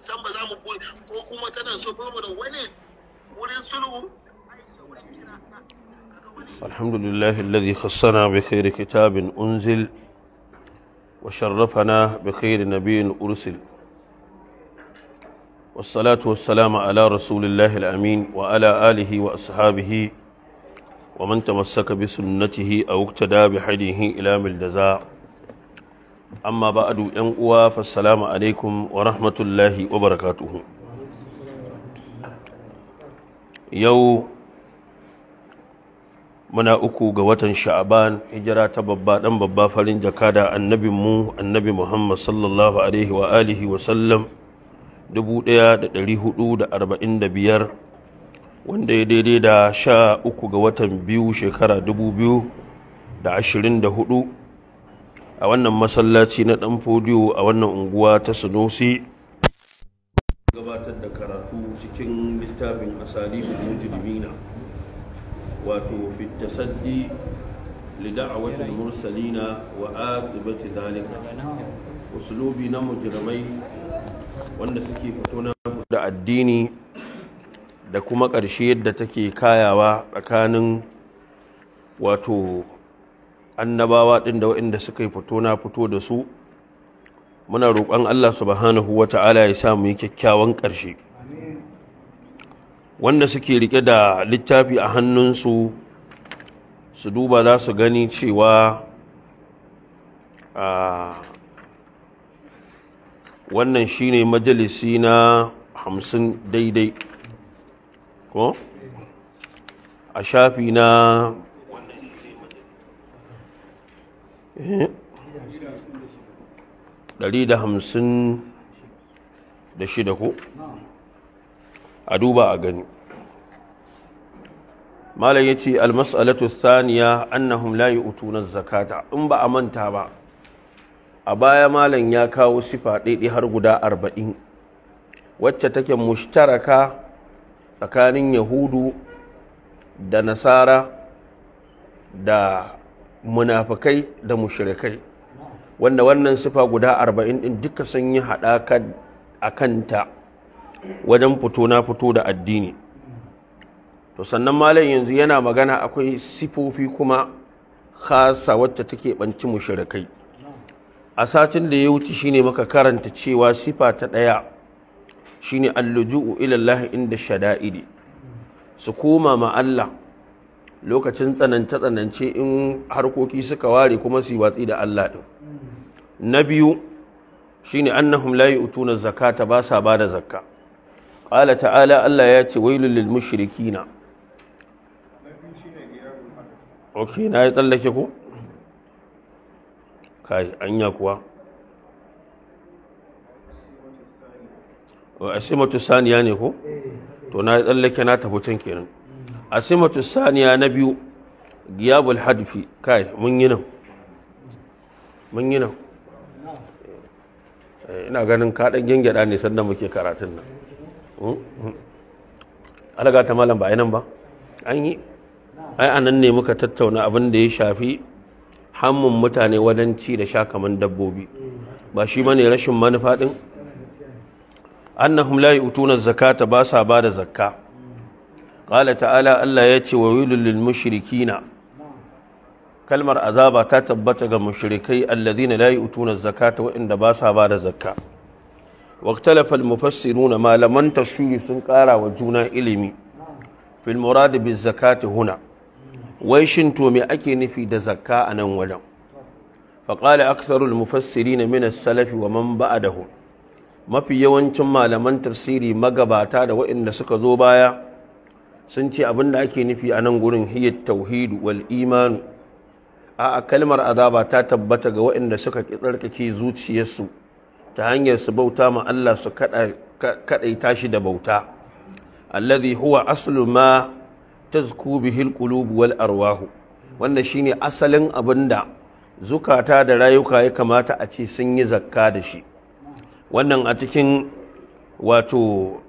san ba za mu ko kuma tana so ba mu da wani wurin sulhu الحمد لله الذي خصنا بخير كتاب أنزل وشرفنا بخير نبي أرسل والصلاة والسلام على رسول الله الأمين وعلى آله وأصحابه ومن تمسك بسنته أو اقتدى بحديه إلى ملدزاء amma ba a yan uwa fassalamu alaikum wa rahmatullahi wa barakatuhu yau muna uku ga watan sha'aban hijira ta babba ɗan babba farin jakada, annabinmu annabi muhammad sallallahu alaihi wa alihi wa sallam 1445 wanda ya daidai da sha uku ga watan biyu shekara da ashirin hudu. a wannan masallaci na ɗan fodiyo a wannan unguwa ta sunusi gabatar da karatu cikin littafin asalibul mujrimina wato fi tasaddi li mursalina wa aqibati dalika uslubi na mujrimai wanda suke fito na da addini da kuma ƙarshe yadda take kayawa tsakanin wato annabawa ɗin da waɗanda suka yi fito na fito da su muna roƙon Allah subhanahu wa ta'ala ya samu yi kyakkyawan ƙarshe wanda suke riƙe da littafi a hannunsu su duba za su gani cewa a wannan ne majalisi na hamsin daidai ko a shafi na 156 ko a duba a gani malam ya ce almas'alatu saniya annahum la utunan zakata in ba a manta ba a baya malam ya kawo sifa ɗaiɗi har guda arba'in wacce take mushtaraka tsakanin yahudu da nasara da munafikai da mushirikai. wanda wannan sifa guda arba'in din duka sun yi haɗaka akan ta wajen fito na fito da addini to sannan malam yanzu yana magana akwai sifofi kuma khasa wacce take banci mushirikai. a satin da ya wuce shine maka karanta cewa sifa ta ɗaya shine al-luju'u ila Allah inda shada'idi su koma ma Allah lokacin tsanance-tsanance in harkoki suka ware kuma su watsi da Allah ɗin na biyu shine annahum utunan yu'tuna ta ba sa ba da zakka Ƙala ta'ala Allah ya ce lullul lil na. Ok, na yi tsallake ku kai anya kuwa wa asimatu saniya ne ku? Eh, to na yi tsallake na tafi can kenan asimatu saniya na biyu giyabul hadfi kai mun yi nan mun yi nan ina ganin kaɗan gyangyaɗa ne sannan muke karatun nan alaga ta malam ba a nan ba an yi ai anan ne muka tattauna abin da ya shafi hammun mutane wadanci da sha kaman dabbobi ba shi mane rashin manufa din annahum la yu'tuna zakata ba sa ba da zakka ƙala ta'ala Allah ya ce wa wilulil mushrikina kalmar azaba ta tabbata ga mushrikai allazina la yu'tuna zakata wa inda ba sa ba da zakka واختلف المفسرون ما لمن تشفيه سنقارا وجونا إلمي في المراد بالزكاة هنا ويشن تومي أكي نفي دا زكاة أنا ولا فقال أكثر المفسرين من السلف ومن بعده ما في يوان تما لمن تفسيري مقباتا دا وإن سكذوبايا sun ce abin da ake nufi a nan gurin hiyar tauhidu wal imanu a kalmar azaba ta tabbata ga waɗanda suka tsarkake zuciyarsu ta hanyar su bauta ma Allah su kaɗaita shi da bauta alladhi huwa aslu ma tazku bihil qulub wal arwahu wannan shine asalin abin da. zukata da rayuka ya kamata a ce sun yi zakka da shi wannan a cikin wato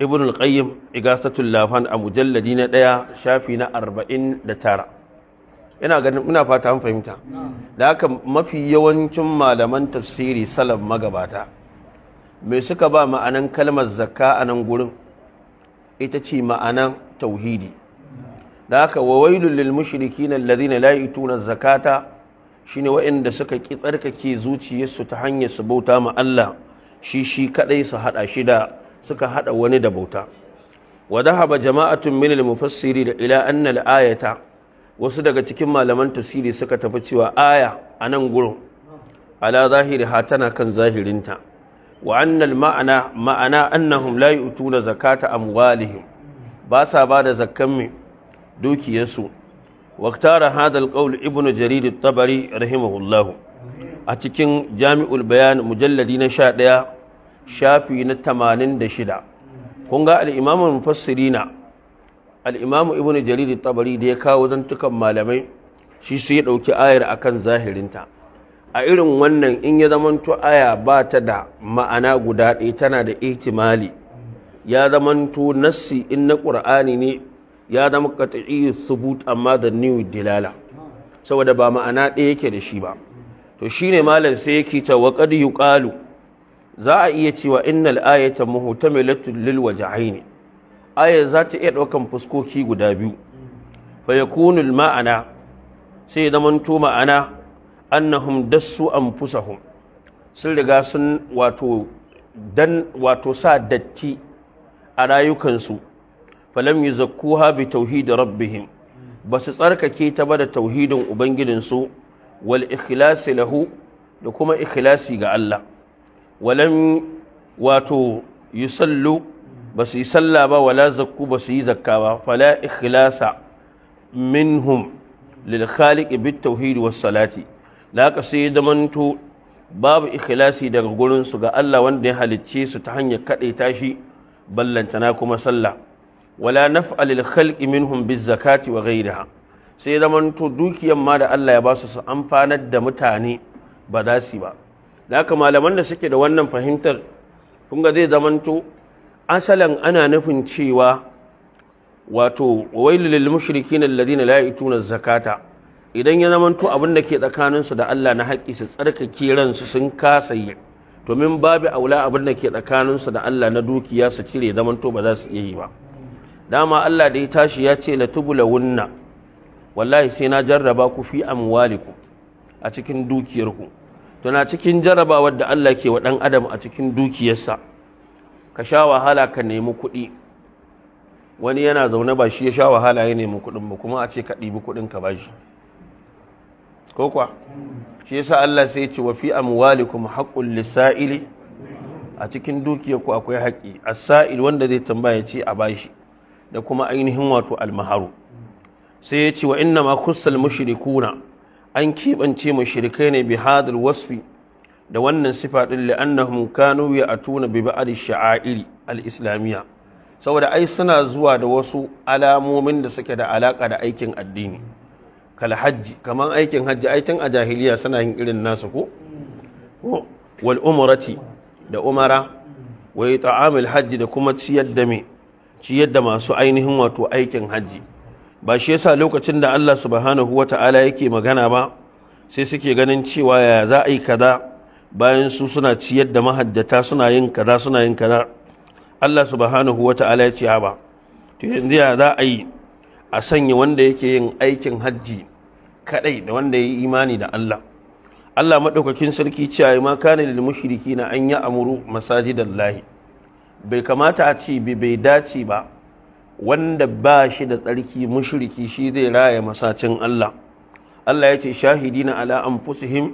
ibn al-qayyim igasatul lafan a mujalladi na ɗaya shafi na arba'in da tara ina ganin ina fata an fahimta da haka mafi yawancin malaman tafsiri salaf magabata me suka ba ma'anan kalmar zakka a nan gurin ita ce ma'anan tauhidi da haka wawailul lil mushrikin alladhina la yutuna zakata shine waɗanda suka ki tsarkake zuciyarsu ta hanyar su bauta ma Allah shi shi kadai su hada shi da suka hada wani da bauta wa dhahaba jama'atun min al da ila anna al-ayata wasu daga cikin malaman tafsiri suka tafi cewa aya anan gurin ala zahiriha tana kan zahirinta wa anna al-ma'ana ma'ana annahum la yu'tuna zakata amwalihim ba sa ba da zakkan mai dukiyarsu واختار هذا القول ابن جرير الطبري رحمه a cikin jami'ul bayan mujalladi na sha ɗaya shafi na tamanin shida kun ga al'imamu mufassirina al'imamu ibn jariri tabari da ya kawo zantukan malamai shi su ya ɗauki ayar akan zahirinta a irin wannan in ya zamanto aya ba ta da ma'ana guda ɗaya tana da ihtimali ya zamanto nassi in na ƙur'ani ne ya zama qat'i subut amma da new dilala saboda ba ma'ana ɗaya yake da shi ba to shine malam sai yake ta wa qad za a iya cewa innal ayata muhtamilatu lil waj'ain ayat za ta iya daukan fuskoki guda biyu fa yakunu al ma'ana sai da manto ma'ana annahum dassu anfusahum sun riga sun wato dan wato sa datti a rayukansu falam yuzakkuha bi tauhid rabbihim basu tsarkake ta ba da tauhidin ubangidinsu, wal ikhlasi lahu da kuma ikhlasi ga Allah walam wato yusallu ba su yi sallah ba wala zakku ba su yi zakka ba fala ikhlasa minhum lil khaliq bit tauhid was salati da haka sai zamanto babu ikhlasi daga gurin su ga Allah wanda ya halicce su ta hanyar kadaita tashi ballantana kuma sallah wala naf'a lil khalqi minhum biz zakati wa ghayriha sai zamanto dukiyan ma da Allah ya ba su su amfanar da mutane ba za su ba da haka malaman da suke da wannan fahimtar kun ga zai zamanto asalan ana nufin cewa wato wailul mushrikin alladhina la yatuna zakata idan ya zamanto abin da ke tsakaninsu da Allah na haƙƙi su tsarkake ransu sun kasa yi to min babu aula abin da ke tsakaninsu da Allah na dukiya su cire zamanto ba za su iya yi ba dama Allah da ya tashi ya ce wunna wallahi sai na jarraba ku fi amwalikum a cikin dukiyarku tuna cikin jarabawar da Allah ke wa ɗan adam a cikin dukiyarsa ka sha wahala ka nemi kuɗi wani yana zaune ba shi ya sha wahala ya nemi kuɗin ba kuma a ce ka ɗibi kuɗin ka ba shi ko kwa shi yasa Allah sai ya ce wa fi amwalikum haqqul lisa'ili a cikin dukiyarku akwai haƙƙi as-sa'il wanda zai tambaya ce a bashi da kuma ainihin wato almaharu sai ya ce wa inna ma khussal mushrikuna an keɓance mushrikai ne bi hadal wasfi da wannan sifa din li'annahum kanu ya'tuna bi ba'd ash-sha'air al-islamiyya saboda ai suna zuwa da wasu alamomin da suke da alaka da aikin addini kal hajji Kamar aikin hajji aikin a jahiliya suna yin irin nasu ko wal umrati da umara wa ta'amul hajji da kuma ciyar da me ciyar da masu ainihin wato aikin hajji ba shi yasa lokacin da Allah subhanahu ta'ala yake magana ba sai suke ganin cewa ya za a yi kaza bayan su suna ciyar da mahajjata suna yin kaza suna yin kaza Allah subhanahu ta'ala ya ce ba to yanzu ya za a yi a sanya wanda yake yin aikin hajji kadai da wanda ya yi imani da Allah Allah maɗaukakin sarki ai ma kana lil mushrikina an ya amuru masajidallahi bai kamata a ce bai dace ba wanda ba shi da tsarki mushriki shi zai raya masacin Allah Allah ya ce shahidina ala ala’an bil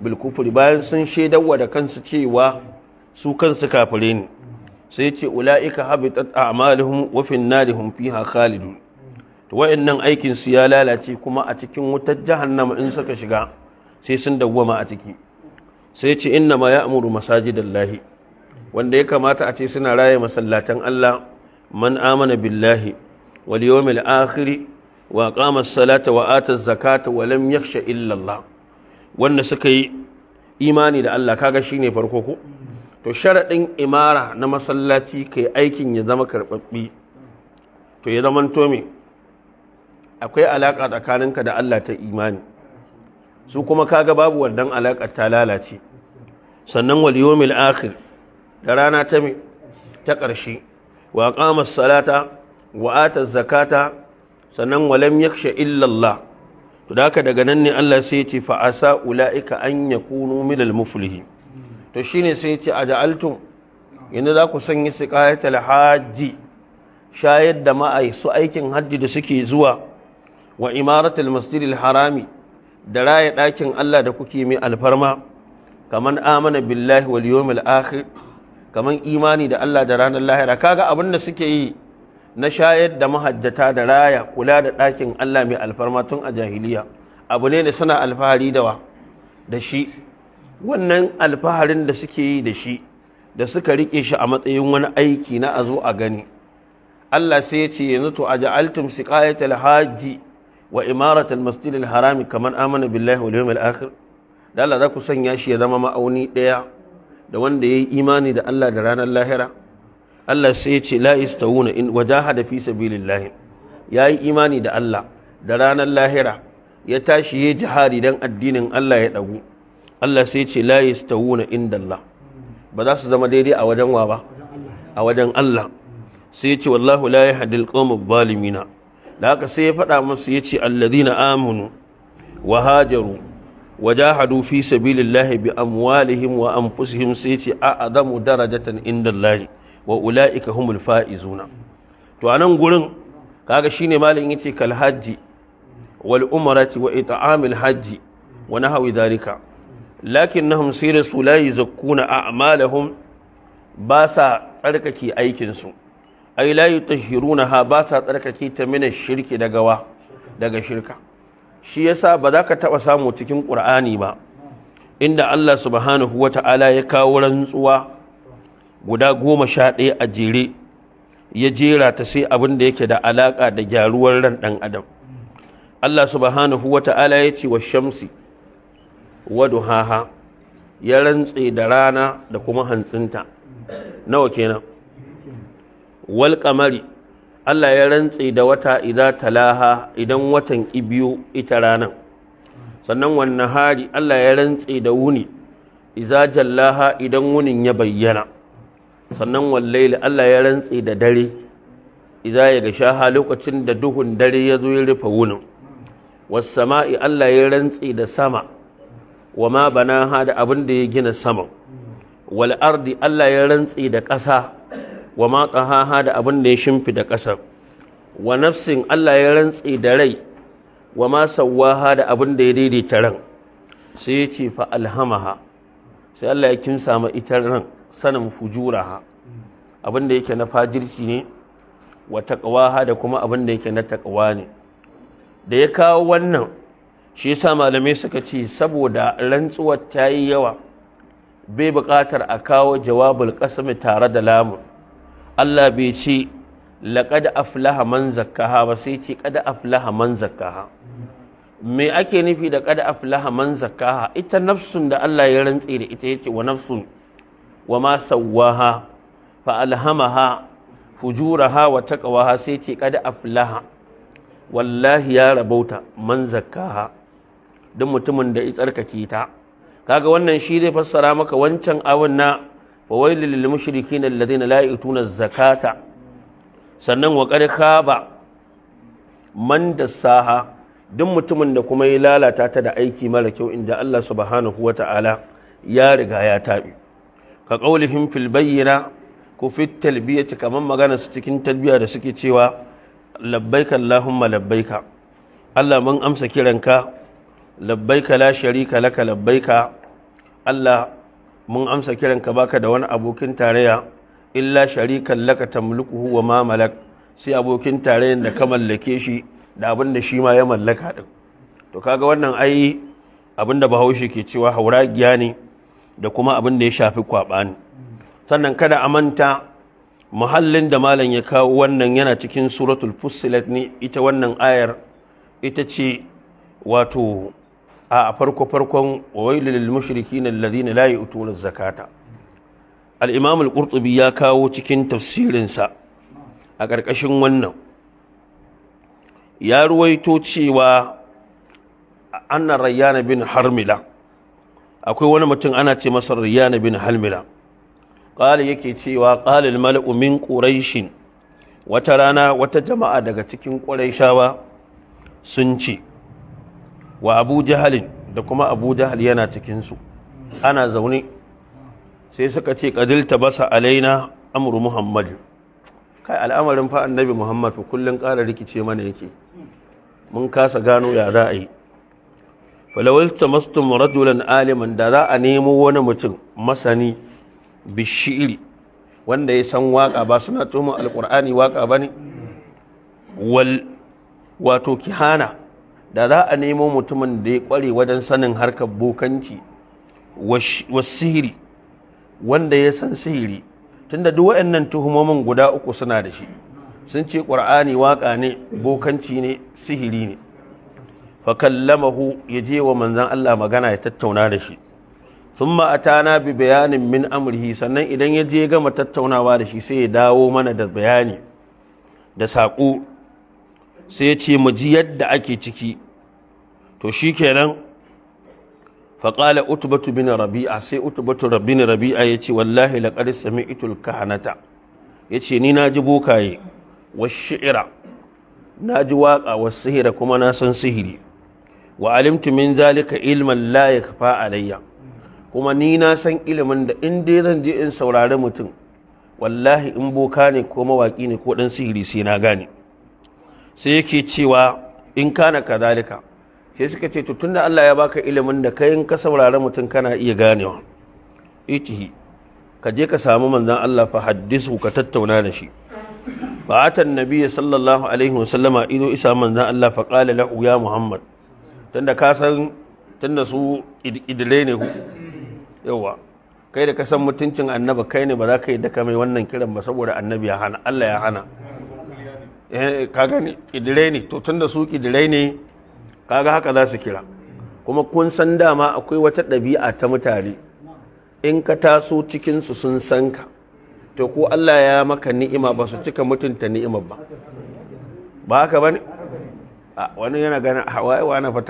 bilkufuri bayan sun shaidawa da kansu cewa su kansu kafire ne sai ce ula'ika habitat a'maluhum wafin fin narihum fiha khalidu to wayannan aikin su ya lalace kuma a cikin wutar jahannama in suka shiga sai sun dawwama a ciki sai ce inna ma masajidan lahi wanda ya kamata a ce suna raya masallatan Allah man amana billahi wal yawmil akhir wa qama as-salata wa zakata wa lam yakhsha illa wanda suka yi imani da Allah kaga shine farko ko to sharadin imara na masallaci kai aikin ya zama karbabbi to ya zama to me akwai alaka tsakaninka da Allah ta imani su kuma kaga babu wannan alaka ta lalace sannan wal yawmil akhir da rana ta karshe. wa qama salata wa ata zakata sannan walam yakhsha illa Allah to daka daga nan ne Allah sai ya ce fa asa ulaika an yakunu minal muflihi to shine sai ya ce aja'altum yanzu za ku sanya siqayatul hajji shayar da ma'ai su aikin hajji da suke zuwa wa imaratul masjidil harami da raya ɗakin Allah da kuke mai alfarma kaman amana billahi wal yawmil akhir kamar imani da Allah da ranar lahira kaga abin da suke yi na shayar da mahajjata da raya kula da ɗakin Allah mai alfarma tun a jahiliya abu ne da suna alfahari da wa da shi wannan alfaharin da suke yi da shi da suka riƙe shi a matsayin wani aiki na a zo a gani Allah sai ya ce yanzu to aja'altum siqayatal hajji wa imaratal masjidil harami kamar amana billahi wal yawmil akhir da Allah za ku sanya shi ya zama ma'auni ɗaya da wanda ya yi imani da Allah da ranar lahira Allah sai ce la istawuna in da fi sabilillah ya yi imani da Allah da ranar lahira ya tashi ya jihari dan addinin Allah ya dagu Allah sai ce la yastawuna inda Allah ba za su zama daidai a wajen wa ba a wajen Allah sai ce wallahu la yahdil qawmaz zalimina da haka sai ya faɗa musu yace alladhina amanu wa hajaru wajahadu fi sabilillahi bi amwalihim wa anfusihim sai ce a'zamu darajatan indallahi wa ulaika humul faizuna to anan gurin kaga shine malam yace kal hajji wal umrati wa it'amil hajji wa nahwi dhalika lakinnahum sirasu la yuzakkuna a'malahum ba sa tsarkake aikin su ai la yutahhiruna ha ba sa tsarkake ta mina shirki daga wa daga shirka shi yasa ba za ka taɓa samu cikin ƙur'ani ba inda Allah subhanahu wa ta'ala ya kawo rantsuwa guda goma sha ɗaya a jere ya jera ta sai abin da yake da alaƙa da gyaruwar ran ɗan adam Allah subhanahu wa ta'ala ya ce wa shamsi wa duhaha ya rantse da rana da kuma hantsinta nawa kenan Walƙamari. Allah ya rantse da wata idza talaha idan watan ibiyu ita ranan sannan wannan hari Allah ya rantse da wuni iza jallaha idan wunin ya bayyana sannan wallaili Allah ya rantse da dare iza ya ga shaha lokacin da duhun dare ya zo ya rufe wunin wasama'i Allah ya rantse da sama wa ma banaha da abin da ya gina sama wal ardi Allah ya rantse da ƙasa wa ma qahaha da abin da ya shimfi da ƙasar wa nafsin Allah ya rantsi da rai wa ma da abin da ya daidaita ran sai ya ce fa alhamaha sai Allah ya kinsa ma ita ran sanin fujuraha abin da yake na fajirci ne wa taqwaha da kuma abin da yake na taqwa ne da ya kawo wannan shi yasa malamai suka ce saboda rantsuwar ta yi yawa bai buƙatar a kawo jawabul qasmi tare da lamun Allah bai ce laƙad aflaha man zakkaha ba sai ce ƙad aflaha man zakkaha me ake nufi da ƙad aflaha man zakkaha ita nafsun da Allah ya rantse da ita yace wa nafsun wa ma sawwaha fa alhamaha fujuraha wa taqwaha sai ce ƙad aflaha wallahi ya rabauta man zakkaha duk mutumin da ya tsarkake ta kaga wannan shi zai fassara maka wancan awon na wa للمشركين الذين لا يؤتون la zakata sannan wa qad khaba man saha duk mutumin da kuma ya lalata ta da aiki mara kyau inda Allah subhanahu Ta'ala ya riga ya tabi ka qaulihim fil bayyina ku fi talbiyati kaman magana su cikin talbiya da suke cewa labbaika allahumma labbaika Allah mun amsa kiranka labbaika la sharika laka labbaika Allah mun amsa kiran ka baka da wani abokin tarayya illa sharikan laka tamliku wa ma malak sai abokin tarayyan da ka mallake shi da abin da shi ma ya mallaka din to kaga wannan ai abin da Bahaushe ke cewa hauragiya ne da kuma abin da ya shafi kwaba ne sannan kada a manta muhallin da malam ya kawo wannan yana cikin suratul fussilat ne ita wannan ayar ita ce wato a farko farkon wailul mushrikin alladhina la yu'tuna zakata al-imam al-qurtubi ya kawo cikin tafsirinsa a ƙarƙashin wannan ya ruwaito cewa anna rayyan bin harmila akwai wani mutum ana ce masa rayyan bin harmila qala yake cewa qala al-mala'u min quraish wata rana wata jama'a daga cikin quraishawa sun ce wa abu jahalin da kuma abu jahal yana cikinsu ana zaune sai suka ce ƙadilta basa alaina amuru muhammad kai al'amarin fa annabi muhammad kullum ƙara rikice mana yake mun kasa gano ya za a yi falawalta mastum rajulan aliman da za a nemo wani mutum masani bishiri wanda ya san waka ba suna tsohon alƙur'ani waka ba ne wato kihana da za a nemo mutumin da ya kware wajen sanin harkar bokanci sihiri wanda ya san sihiri tunda duk waɗannan tuhumomin guda uku suna da shi sun ce ƙur'ani waƙa ne bokanci ne sihiri ne fa kallamahu ya je wa manzon Allah magana ya tattauna da shi thumma atana bi bayanin min amrihi sannan idan ya je gama tattaunawa da shi sai ya dawo mana da bayani da saƙo sai ya ce mu ji yadda ake ciki to shi kenan faƙala utubatu bin rabi'a sai utubatu bin rabi'a ya ce wallahi laƙar sami itul kahanata ya ce ni na ji bokaye wa shi'ira na ji waƙa wa sihira kuma na san sihiri wa alimtu min zalika ilman la yakfa alayya kuma ni na san ilimin da in dai zan je in saurari mutum wallahi in boka ne ko mawaƙi ne ko ɗan sihiri sai na gane sai yake cewa in kana kadalika sai suka ce to da Allah ya baka ilimin da kai in ka saurari mutum kana iya ganewa itihi ka je ka samu manzan Allah fa haddisu ka tattauna da shi ba ta nabi sallallahu alaihi wasallama ido isa manzan Allah fa qala lahu ya muhammad tunda ka san tunda su idile ne ku yawa kai da ka san mutuncin annabi kai ne ba za ka yi da mai wannan kiran ba saboda annabi ya hana Allah ya hana Eh, ka gani ƙidire ne to tun da su ƙidire ne kaga haka za su kira kuma kun san dama akwai wata ɗabi'a ta mutane in ka taso cikinsu sun san ka to ko Allah ya maka ni'ima ba su cika mutunta ni'imar ba ba haka ba ne wani yana gani hawaye ah, wani fa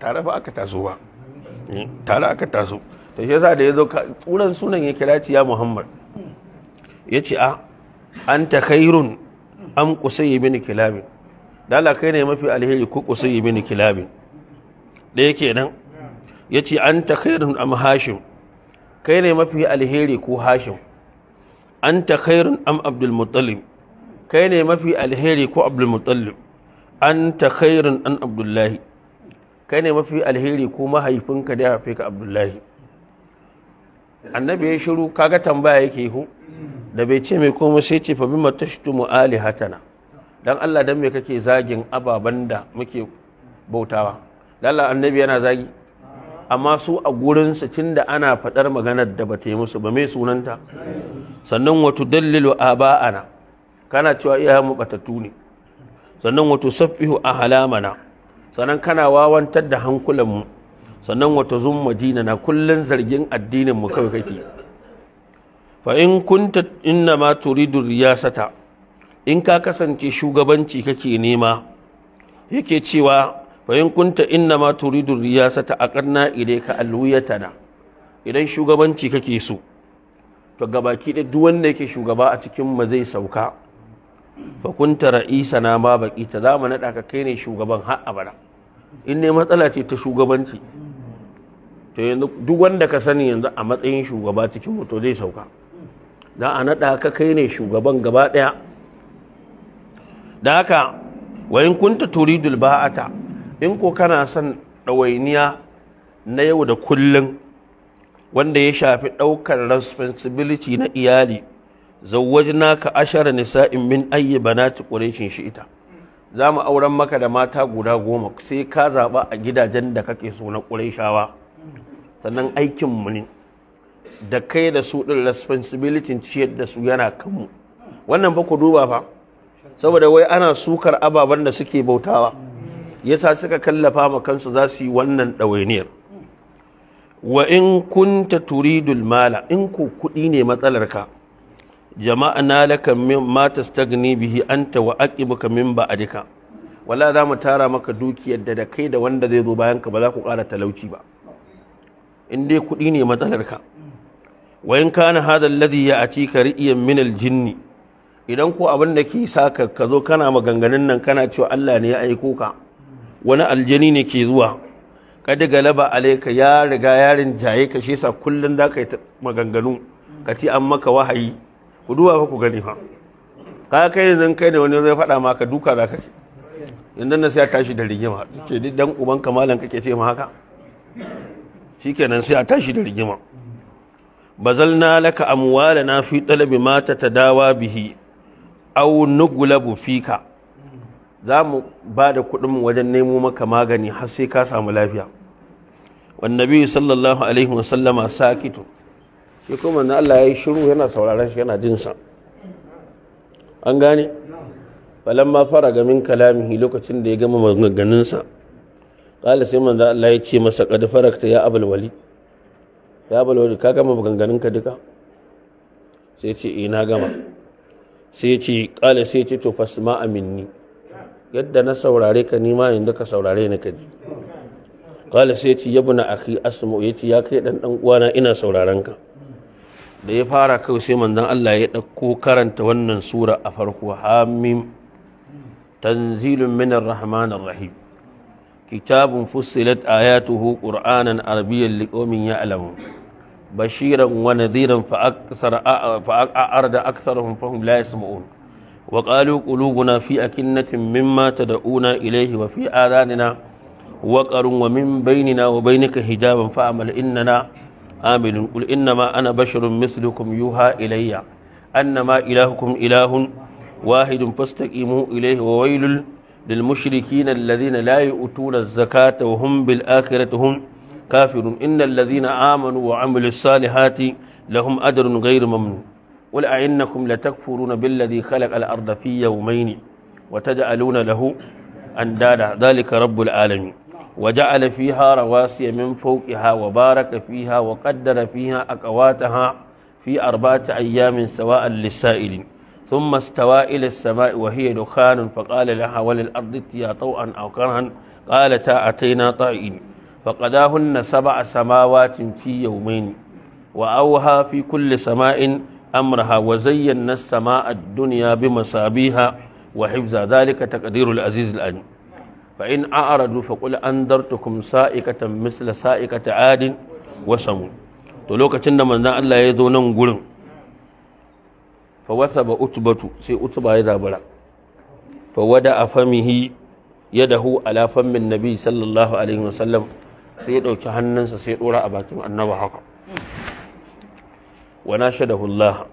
tare fa aka taso ba eh, tare aka taso to shi yasa da ya zo tsuran sunan ya kira ci ya Muhammad ya ce a ah, an khairun am qusay bin kilabin. da Allah kai ne mafi alheri ko qusay bin kilabin? da yake nan yace anta khairun am hashim kai ne mafi alheri ko hashim anta khairun am abdul muttalib kai ne mafi alheri ko abdul muttalib anta khairun an abdullahi kai ne mafi alheri ko mahaifinka da ya haife ka abdullahi annabi ya shiru kaga tambaya yake hu da bai ce mai komai sai ce fa bima mu alihatana dan Allah dan me kake zagin ababen da muke bautawa lalla annabi yana zagi amma su a gurinsu tun da ana faɗar maganar da ba ta yi musu ba mai sunanta sannan wato dallilu a ba'ana kana cewa iya mu batattu ne sannan wato sabbihu a halamana sannan kana wawantar da hankulanmu sannan wato zumma dinana na kullun zargin mu kawai kake fa in kunta inna ma turidu riyasata in ka kasance shugabanci kake nema yake cewa fa in kunta inna ma turidu riyasata aqarna ilayka alwiyatana idan shugabanci kake so to gabaki da duk wanda yake shugaba a cikin mu zai sauka fa kunta ra'isana ma baki ta mu nada ka kai ne shugaban har abada in ne matsala ce ta shugabanci to yanzu duk wanda ka sani yanzu a matsayin shugaba cikin mu to zai sauka da a naɗa ka kai ne shugaban gaba ɗaya da haka wayin kunta turidul ta? in ko kana son ɗawainiya na yau da kullum wanda ya shafi ɗaukar responsibility na iyali naka ashara in min ayyi banati shi shi'ita za mu auren maka da mata guda goma sai ka zaɓa a gidajen da kake so na ƙurayshawa sannan aikinmu ne da kai da su ɗin responsibility ciyar da su yana kanmu wannan ba ku duba fa saboda wai ana sukar ababen da suke bautawa yasa suka kallafa ma kansu za su yi wannan ɗawainiyar wa in kunta turidul mala in ku kuɗi ne matsalarka jama'a na laka ma tastagni bihi anta wa aqibuka min ba'dika wala za mu tara maka dukiyar da da kai da wanda zai zo bayan ka ba za ku ƙara talauci ba in dai kuɗi ne matsalarka wa in kana hadha alladhi ya'tika ri'yan min minal jini idan ko abin da ke sa ka zo kana maganganun nan kana cewa Allah ne ya aiko ka wani aljini ne ke zuwa kada galaba alayka ya riga yarin jaye ka shi kullum kullun ka yi maganganu ka ci an maka wahayi ku duba fa ku gani fa ka kai ne zan kai ne wani zai faɗa maka duka za ka ce inda na sai ya tashi da rigima ce dan uban kamalan kake ce ma haka shikenan sai ya tashi da rigima bazalna laka na fi talabi ta dawa bihi aw nuglabu fika zamu bada kudin mu wajen nemo maka magani har sai ka samu lafiya wan nabi sallallahu alaihi wa sallama sakitu shi kuma na ya yi shiru yana sauraron shi yana jin sa an gane falamma faraga min kalamihi lokacin da ya gama maganganun sa sai manzo Allah ya ce masa qad farakta ya abul ya bala ka gama maganganun ka duka sai ce eh na gama sai ce kala sai ce to fasma minni yadda na saurare ka nima yanzu ka saurare ni ka ji kala sai ce yabna akhi asmu yace ya kai dan dan uwana ina sauraren ka da ya fara kawai sai manzon Allah ya ɗauko karanta wannan sura a farko hamim tanzilun minar rahmanir rahim kitabun fussilat ayatuhu qur'anan arabiyyan liqaumin ya'lamun bashiran wa nadhiran fa aksar fa arda aktharuhum fahum la yasma'un wa qalu qulubuna fi akinnatin mimma tad'una ilayhi wa fi adanina wa min bainina wa bainika hijaban fa amal innana amilun qul innama ana bashirin mithlukum yuha ilayya annama ilahukum ilahun wahidun fastaqimu ilayhi wa wailul للمشركين الذين لا يؤتون الزكاة وهم بالآخرة هم كافرون إن الذين آمنوا وعملوا الصالحات لهم أجر غير ممنون قل أئنكم لتكفرون بالذي خلق الأرض في يومين وتجعلون له أندادا ذلك رب العالمين وجعل فيها رواسي من فوقها وبارك فيها وقدر فيها أقواتها في أربعة أيام سواء للسائلين ثم استوى إلى السماء وهي دخان فقال لها وللأرض اتيا طوعا أو كرها قالتا أتينا طائعين فقداهن سبع سماوات في يومين وأوها في كل سماء أمرها وزينا السماء الدنيا بمصابيها وحفظا ذلك تقدير العزيز الأن فإن أعرضوا فقل أنذرتكم سائكة مثل سائكة عاد وسمون to lokacin da manzon Allah ya zo nan gurin fa wasa ba utubatu sai utuba ya zabara. fa wada a famihi ya dahu ala fammin nabi sallallahu alaihi wasallam sai ya ɗauki hannunsa sai ya ɗora a bakin annaba haka wa nashadahu Allah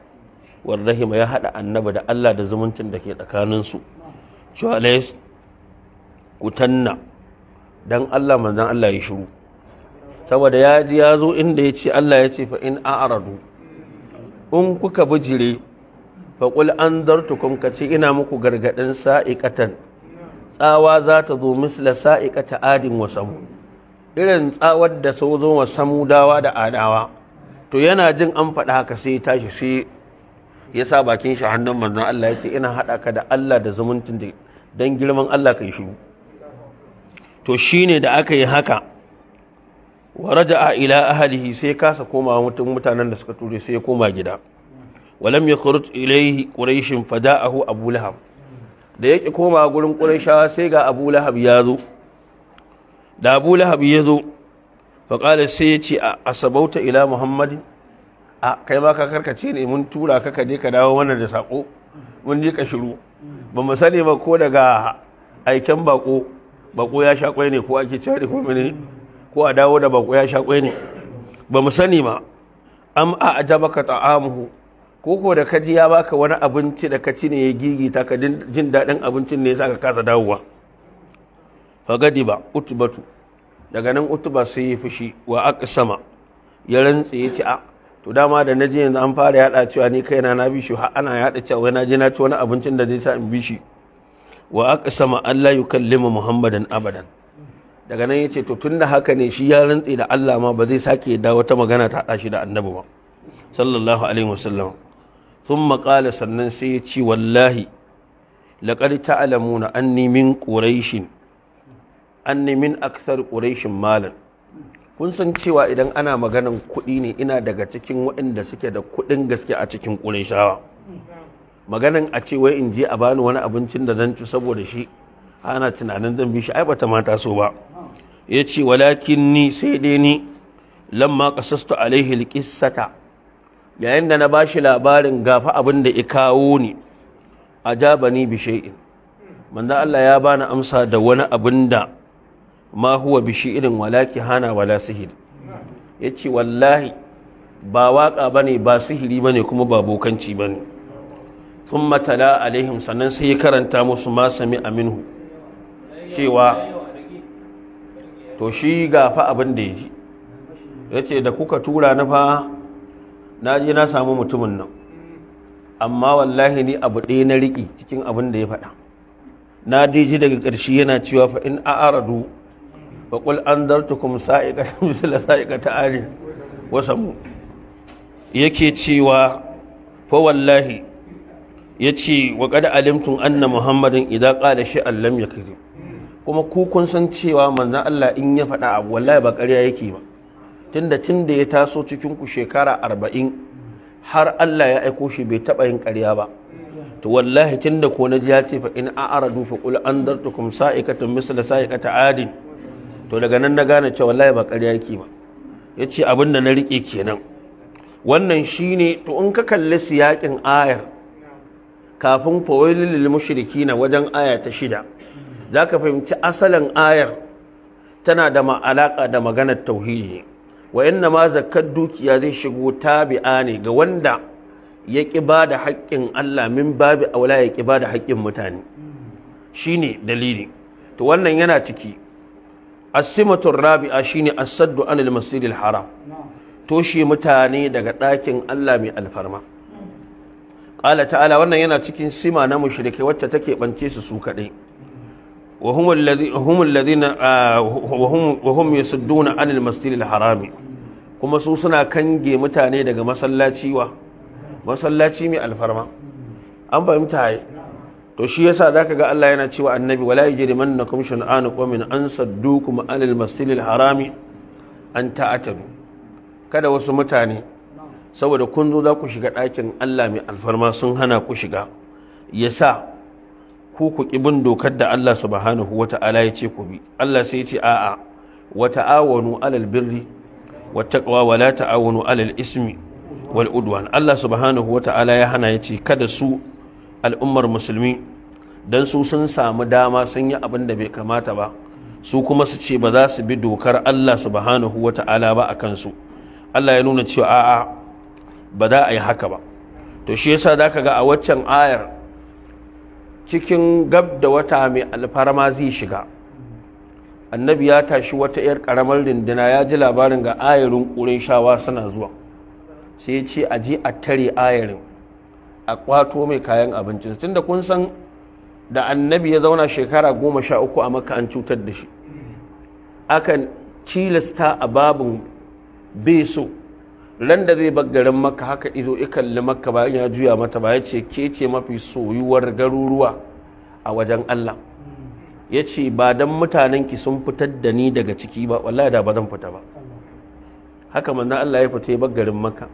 war rahima ya haɗa annaba da Allah da zumuncin da ke tsakaninsu cewa lais kutanna dan Allah manzon Allah ya shiru saboda ya ya zo inda yace Allah ya ce fa in a a'radu in kuka bijire faƙul an dartukum ka ina muku gargaɗin sa'iƙatan tsawa za ta zo misla sa'iƙata adin wa samu irin tsawar da sau zo wa samu dawa da adawa to yana jin an faɗa haka sai tashi sai ya sa bakin shi hannun manzon Allah ya ce ina haɗa ka da Allah da zumuncin da don girman Allah kai yi shi to shine da aka yi haka wa raja'a ila ahalihi sai kasa komawa mutum mutanen da suka ture sai ya koma gida walam ya kurut ilaihi ƙuraishin fada'ahu abu lahab da ya ƙi koma gurin ƙuraishawa sai ga abu lahab ya zo da abu lahab ya zo faƙalar sai ya ce a asabauta ila muhammadin a kai ma ka karkace ne mun tura ka kaje ka dawo wannan da saƙo mun je ka shiru ba mu sani ba ko daga aiken bako bako ya sha kwai ne ko ake cari ko mene ko a dawo da bako ya sha kwai ne ba mu sani ba am a ajabaka ta'amuhu koko da kaji ya baka wani abinci da ka ne ya gigita ka jin daɗin abincin ne sa ka kasa dawowa fagadi ba utubatu daga nan utuba sai ya fushi wa aka sama ya rantse ya ci a to dama da naji yanzu an fara yada cewa ni kaina na bishi har ana yada cewa na je na ci wani abincin da zai sa in bishi wa aka sama Allah ma Muhammadan abadan daga nan ya ce to tunda haka ne shi ya rantse da Allah ma ba zai sake dawo ta magana ta hada shi da annabi ba sallallahu alaihi wasallam sun maƙala sannan sai ya ci wallahi laƙar ta'alamuna an nemin an nemin aksar ƙorashin malar kun san cewa idan ana maganan kuɗi ne ina daga cikin waɗanda suke da kuɗin gaske a cikin ƙorashawa, maganan a ce wai in je a bani wani abincin da zan ci saboda shi ana tunanin zan bi shi ai bata mata so ba ya ce walakin ni sai dai ni lamma kasastu alaihi alqissata yayin da na ba shi labarin gafa abin da ya kawo ni a jabani bishe'in manzo Allah ya bani amsa da wani abin da ma huwa bishi'in walaki hana wala sihir yace wallahi ba waka bane ba sihiri bane kuma ba bokanci bane thumma tala alaihim sannan sai ya karanta musu ma sami aminu cewa to shi gafa abin da yaji yace da kuka tura na fa na je na samu mutumin nan amma wallahi ni abu ɗaya na riƙi cikin abin da ya faɗa na ji daga ƙarshe yana cewa fa in a'aradu fa qul andartukum sa'iqatan misla sa'iqata ari wasamu yake cewa fa wallahi yace wa qad alimtum anna muhammadin idza shi shay'an lam yakrim kuma ku kun san cewa manzon Allah in ya faɗa abu wallahi ba ƙarya yake ba tunda tun da ya taso cikin ku shekara arba'in har Allah ya aiko shi bai taɓa yin ƙarya ba to wallahi tunda ko na ji ya ce fa in a'radu fa dartu andartukum sa'ikatan misla sa'ikata adin to daga nan na gane cewa wallahi ba ƙarya yake ba ce abin da na rike kenan wannan shine to in ka kalli siyaƙin ayar kafin fawailul lil wajen aya ta shida zaka fahimci asalin ayar tana da ma'alaƙa da maganar tauhidi wayanna ma zakkar dukiya zai shigo tabi'a ne ga wanda ya ƙi ba da haƙƙin Allah min babi aula ya ƙi da haƙƙin mutane shine dalili to wannan yana ciki asimatul rabi'a shine asaddu anil masjidil haram toshe mutane daga ɗakin Allah mai alfarma ƙala ta'ala wannan yana cikin sima na mushrike wacce take bance su su kaɗai wa hum alladhina ah, wa hum yasudduna anil kuma su suna kange mutane daga masallaci wa masallaci mai alfarma an fahimta haye to shi yasa zaka ga Allah yana cewa annabi wala yajrimannakum shan'anu qawmin an saddukum anil masjidil harami an ta'atadu kada wasu mutane saboda kun zo za ku shiga ɗakin Allah mai alfarma sun hana ku shiga yasa ku ku ƙi bin dokar da Allah subhanahu wata'ala ya ce ku bi Allah sai ya ce a'a wata awanu alal birri wattaqwa la ta'awunu alal ismi wal udwan Allah subhanahu wata'ala ya hana yace kada su al'ummar musulmi dan su sun samu dama sun yi abin da bai kamata ba su kuma su ce ba za su bi dokar Allah subhanahu wata'ala ba a kansu Allah ya nuna cewa a'a ba za a yi haka ba to shi yasa za ka ga a waccan ayar cikin gab da wata mai alfarma zai shiga annabi ya tashi wata 'yar karamar rindina ya ji labarin ga ayarin ƙurin shawa suna zuwa sai ya ce a je a tare ayarin a kwato mai kayan abincin tun da kun san da annabi ya zauna shekara goma sha uku a maka an cutar da shi akan cilasta a babin beso ran da zai garin maka haka izo ikalli maka bayan ya juya mata ba ya ce ke ce mafi soyuwar garuruwa a wajen allah ya ce ba don ki sun fitar da ni daga ciki ba wallahi da ba zan fita ba haka manzon Allah ya fita ya garin maka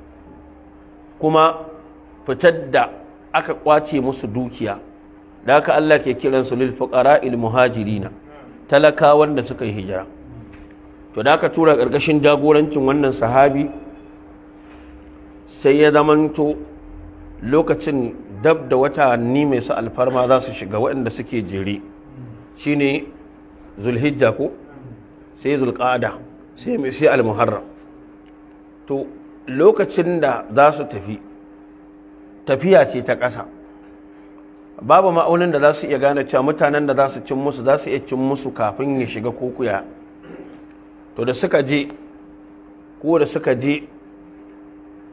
kuma fitar da aka kwace musu dukiya da haka Allah ke kiran su lil fuqara il muhajirina talaka wanda suka yi hijira to da aka tura karkashin jagorancin wannan sahabi sai ya zamanto lokacin dab da watanni mai su alfarma za su shiga waɗanda suke jere shine zulhijja ko sai Zulqada sai mai sai almuharram to lokacin da za su tafi tafiya ce ta ƙasa babu ma'aunin da za su iya gane cewa mutanen da za su cin musu za su iya cin musu kafin ya shiga kokuya to da suka je ko da suka je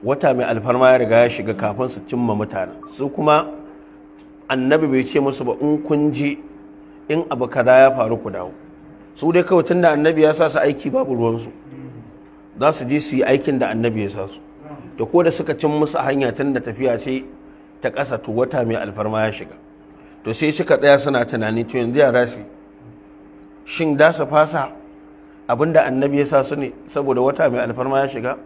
wata mai alfarma ya riga ya shiga kafin su cimma mutane su kuma annabi bai ce musu ba in kun je in abu kada ya faru ku dawo su dai kawai tun da annabi ya sa su aiki babu ruwansu za su je su yi aikin da annabi ya sa su da ko da suka cin musu hanya tun da tafiya ce ta ƙasa to wata mai alfarma ya shiga to sai suka tsaya suna tunani to yanzu yara su shin da su fasa abin da annabi ya sa su ne saboda wata mai alfarma ya shiga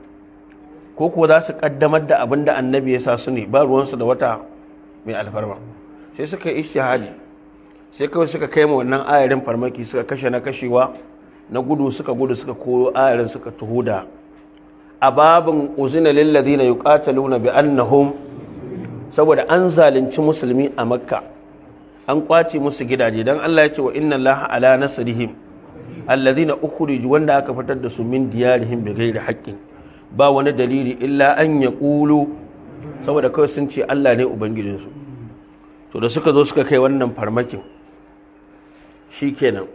ko kuwa za su ƙaddamar da abin da annabi ya sa su ne ba ruwansu da wata mai alfarma sai suka yi ishtihadi sai kawai suka kai ma wannan ayarin farmaki suka kashe na kashewa na gudu suka gudu suka koyo ayarin suka tuhuda a babin uzina yukata yuqataluna bi annahum saboda an zalunci musulmi a makka an kwace musu gidaje dan Allah ya ce wa inna allaha ala nasrihim uku riji wanda aka fitar da su min diyarihim bi ghairi haqqin ba wani dalili illa an yaqulu saboda kawai sun ce Allah ne ubangijinsu to da suka zo suka kai wannan farmakin shi kenan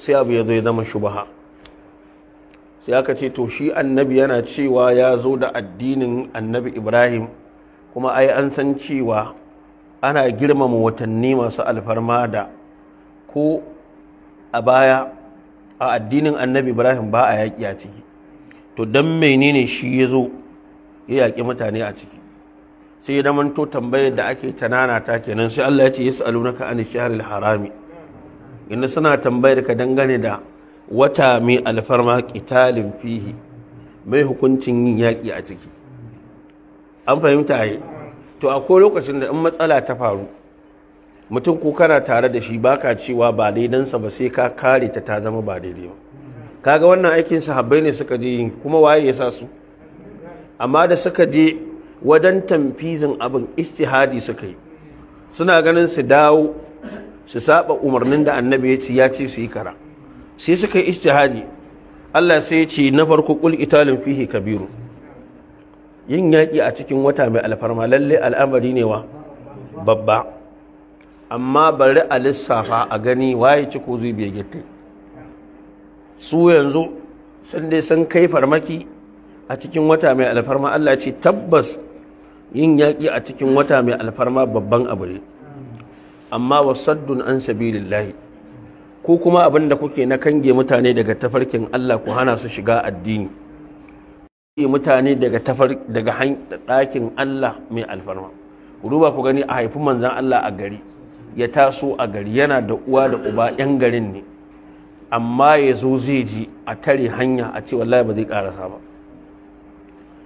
sai abu ya zo ya zama shubaha sai aka ce to shi annabi yana cewa ya zo da addinin annabi ibrahim kuma ai an san cewa ana girmama watanni masu alfarma da ko a baya a addinin annabi ibrahim ba a yaƙi a ciki to don menene shi ya zo ya yaƙi mutane a ciki sai da manto tambayar da ake tanana ta kenan sai Allah ya ce yas'alunaka an shahril harami inda suna tambayar ka dangane da wata mai alfarma qitalin fihi mai hukuncin yin yaƙi a ciki an fahimta ai to akwai lokacin da in matsala ta faru mutum ko kana tare da shi baka cewa ba daidansa ba sai ka kare ta ta zama ba daidai ba kaga wannan aikin sahabbai ne suka je kuma waye ya sa su amma da suka je wajen tamfizin abin istihadi suka yi suna ganin su dawo su saba umarnin da annabi ya ce ya ce su yi kara sai suka yi istihadi Allah sai ya ce na farko kul italin fihi kabiru yin yaƙi a cikin wata mai alfarma lalle al'amari ne wa babba amma bari a lissafa a gani waye ci ko zai biya gitte su yanzu sun dai sun kai farmaki a cikin wata mai alfarma Allah ce tabbas yin yaƙi a cikin wata mai alfarma babban abu ne amma wasaddun an sabilillahi ko kuma abin da kuke na kange mutane daga tafarkin Allah ku hana su shiga addini mutane daga daga ɗakin Allah mai alfarma ruba ku gani a haifi manzan Allah a gari ya taso a gari yana da uwa da uba yan garin ne amma ya zo zai ji a tare hanya a ce wallahi ba zai karasa ba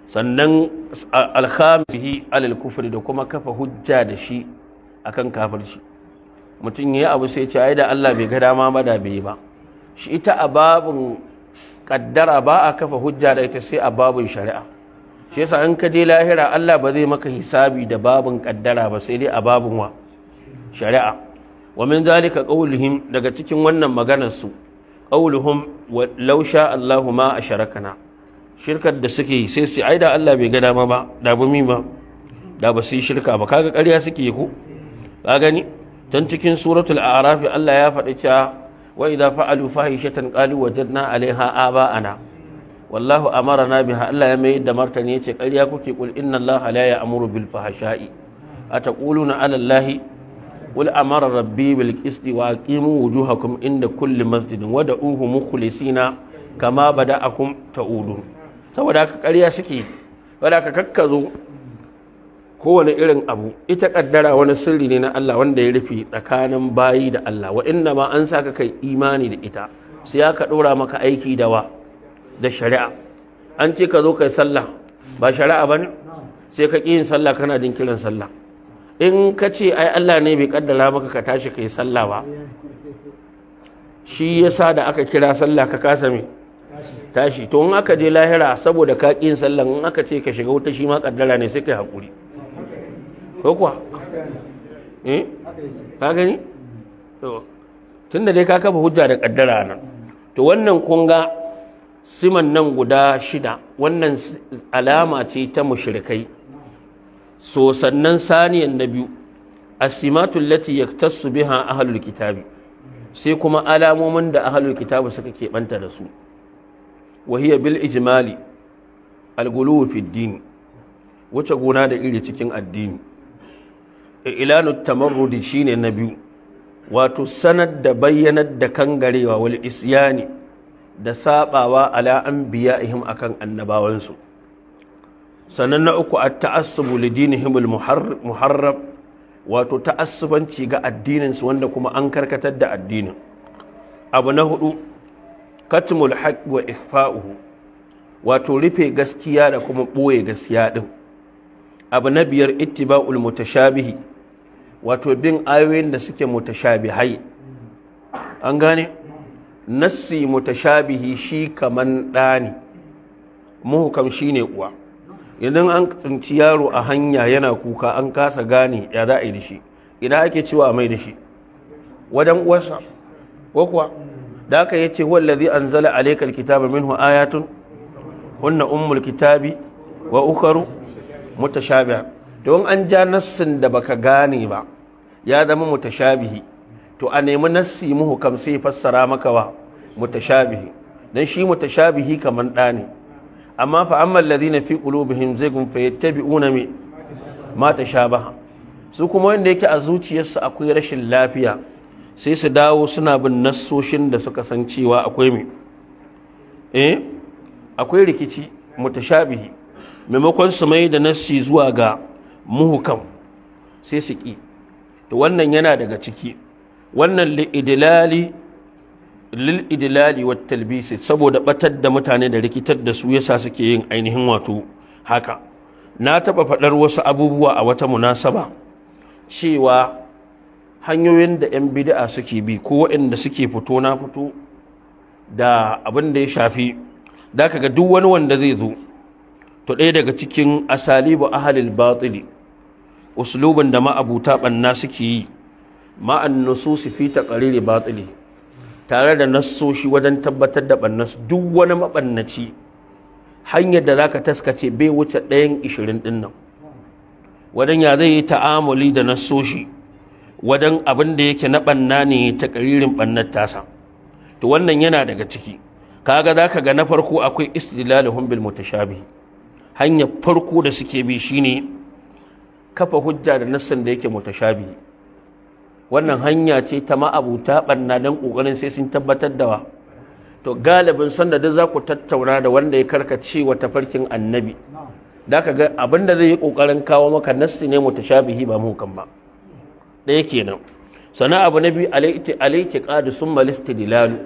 sannan alhamisihi alal kufri da kuma kafa hujja da shi akan kafirci mutum yayi abu sai ce ai da Allah bai ga dama ba da bai ba shi ita a babin kaddara ba a kafa hujja da ita sai a babin shari'a shi yasa in ka je lahira Allah ba zai maka hisabi da babun kaddara ba sai dai a babin wa shari'a wa min zalika qawluhum daga cikin wannan maganar su qawluhum law sha Allahu ma asharakana shirkar da suke yi sai su aida da Allah bai ga dama ba da bumi ba da ba su yi shirka ba kaga ƙarya suke yi ko ka gani dan cikin suratul a'raf Allah ya faɗi cewa wa idza fa'alu fahishatan qalu wajadna 'alaiha aba'ana wallahu amarna biha Allah ya mai da martani yace ƙarya kuke kul inna Allah la ya'muru bil fahsha'i ataquluna 'ala Allah قل أمر ربي بالقسط وأقيموا وجوهكم عند كل مسجد ودعوه مخلصين كما بدأكم تعودون saboda haka ƙarya suke saboda haka kakkazo kowane irin abu ita kaddara wani sirri ne na Allah wanda ya rufe tsakanin bayi da Allah wa inda ma an sa kai imani da ita sai aka ɗora maka aiki da wa da shari'a an ce ka zo kai sallah ba shari'a bane sai ka ƙi yin sallah kana jin kiran sallah in ka ce ai Allah ne bai ƙaddara maka ka tashi ka yi sallah ba shi yasa da aka kira sallah ka kasa me tashi to in aka je lahira saboda ka ƙin sallan in aka ce ka shiga wuta shi ma kaddara ne sai kai hakuri ko kuwa eh ka gani to tunda dai ka kafa hujja da kaddara nan to wannan kun ga siman nan guda shida wannan alama ce ta mushrikai so sannan saniyan na biyu asimatul lati yaktasu biha ahlul kitabi sai kuma alamomin da ahlul kitabi suka keɓanta da su wahiya bil ijmali alguluwu fi dini wuce gona da iri cikin addini ilanu tamarrudi shine na biyu wato sanar da bayyanar da kangarewa wal isyani da sabawa ala anbiya'ihim akan annabawansu sannan na uku a ta'assubu li dinihim al muharrab wato ta'assubanci ga addininsu wanda kuma an karkatar da addinin abu na hudu katmul haqq wa ikhfa'uhu wato rufe gaskiya da kuma ɓoye gaskiya ɗin abu na biyar ittiba'ul mutashabihi wato bin ayoyin da suke mutashabihai an gane nassi mutashabihi shi kaman ɗani muhukam shine uwa idan an tsinci yaro a hanya yana kuka an kasa gane ya za a yi da shi idan ake cewa mai da shi wajen uwarsa ko kuwa da aka yace wallazi anzala alayka alkitaba minhu ayatun hunna ummul kitabi wa ukharu mutashabiha don an ja nassin da baka gane ba ya zama mutashabihi to a nemi nassi kam sai fassara maka wa mutashabihi dan shi mutashabihi kaman da ne amma fa amma alladhina fi qulubihim zaygun fayattabi'una ma tashabaha su kuma wanda yake a zuciyarsu akwai rashin lafiya sai su dawo suna bin nasoshin da suka san cewa akwai mai eh akwai rikici mutashabihi maimakon su mai da nassi zuwa ga muhukam sai su ki to wannan yana daga ciki wannan li'idlali lil'idlali wa talbisi saboda batar da mutane da rikitar da su yasa suke yin ainihin wato haka na taba faɗar wasu abubuwa a wata munasaba cewa hanyoyin da 'yan bid'a suke bi ko waɗanda suke fito na fito da abin da ya shafi da ka ga duk wani wanda zai zo to ɗaya daga cikin asalibu ahalil batili uslubin da ma'abuta ɓanna suke yi ma'an nususi fi taqariri batili tare da nassoshi wajen tabbatar da ɓannas duk wani maɓannaci hanyar da zaka taskace bai wuce ɗayan ishirin ɗinnan nan wajen ya zai yi ta'amuli da nasoshi. wajen abin da yake na banna ne ta karirin bannar tasa to wannan yana daga ciki kaga zaka ga na farko akwai istidlaluhum bil mutashabih hanyar farko da suke bi shine kafa hujja da nassan da yake mutashabi wannan hanya ce ta ma'abuta banna dan kokarin sai sun tabbatar da wa to galibin sanda duk za ku tattauna da wanda ya karkace wa tafarkin annabi da ka ga abin da zai yi ƙoƙarin kawo maka nassi ne mutashabihi ba muhkam ba ɗaya kenan sana abu na biyu alaiti sun qadi da lalu,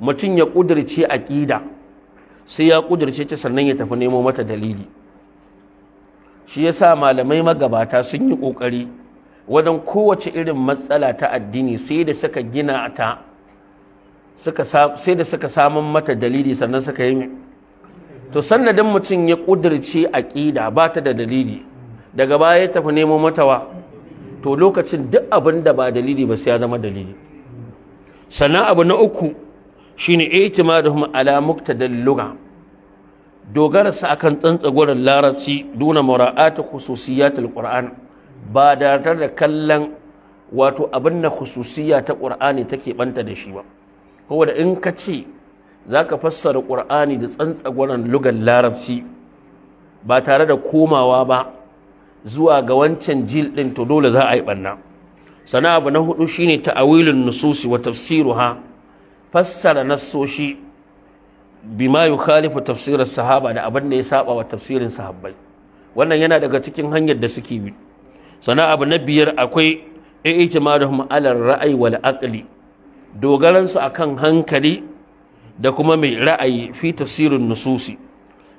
mutum ya a ƙida sai ya ƙudurce ta sannan ya tafi nemo mata dalili shi yasa malamai magabata sun yi ƙoƙari wajen kowace irin matsala ta addini sai da suka gina ta sai da suka samun mata dalili sannan suka yi to sannadin mutum ya ƙudirce ƙida ba ta da dalili daga baya ya tafi nemo mata to lokacin duk abin da ba dalili ba sai ya zama dalili sannan abu na uku shine itimaduhum ala muqtadal lugha dogararsa akan tsantsagoran larabci duna mura'ati ta qur'an ba da da kallon wato abin na khususiyya ta qur'ani take banta da shi ba da in ka ce za ka fassara ƙur'ani da tsantsagoran lugar larabci ba tare da komawa ba zuwa ga wancan jil ɗin to dole za a yi banna sana abu na hudu shine ta'awilun nususi wa tafsiruha fassara nassoshi bima yukhalifu tafsirin sahaba da abin da ya saba wa tafsirin sahabbai wannan yana daga cikin hanyar da suke bi sana abu na biyar akwai i'timaduhum ala ra'ayi wal aqli dogaran su akan hankali da kuma mai ra'ayi fi tafsirin nususi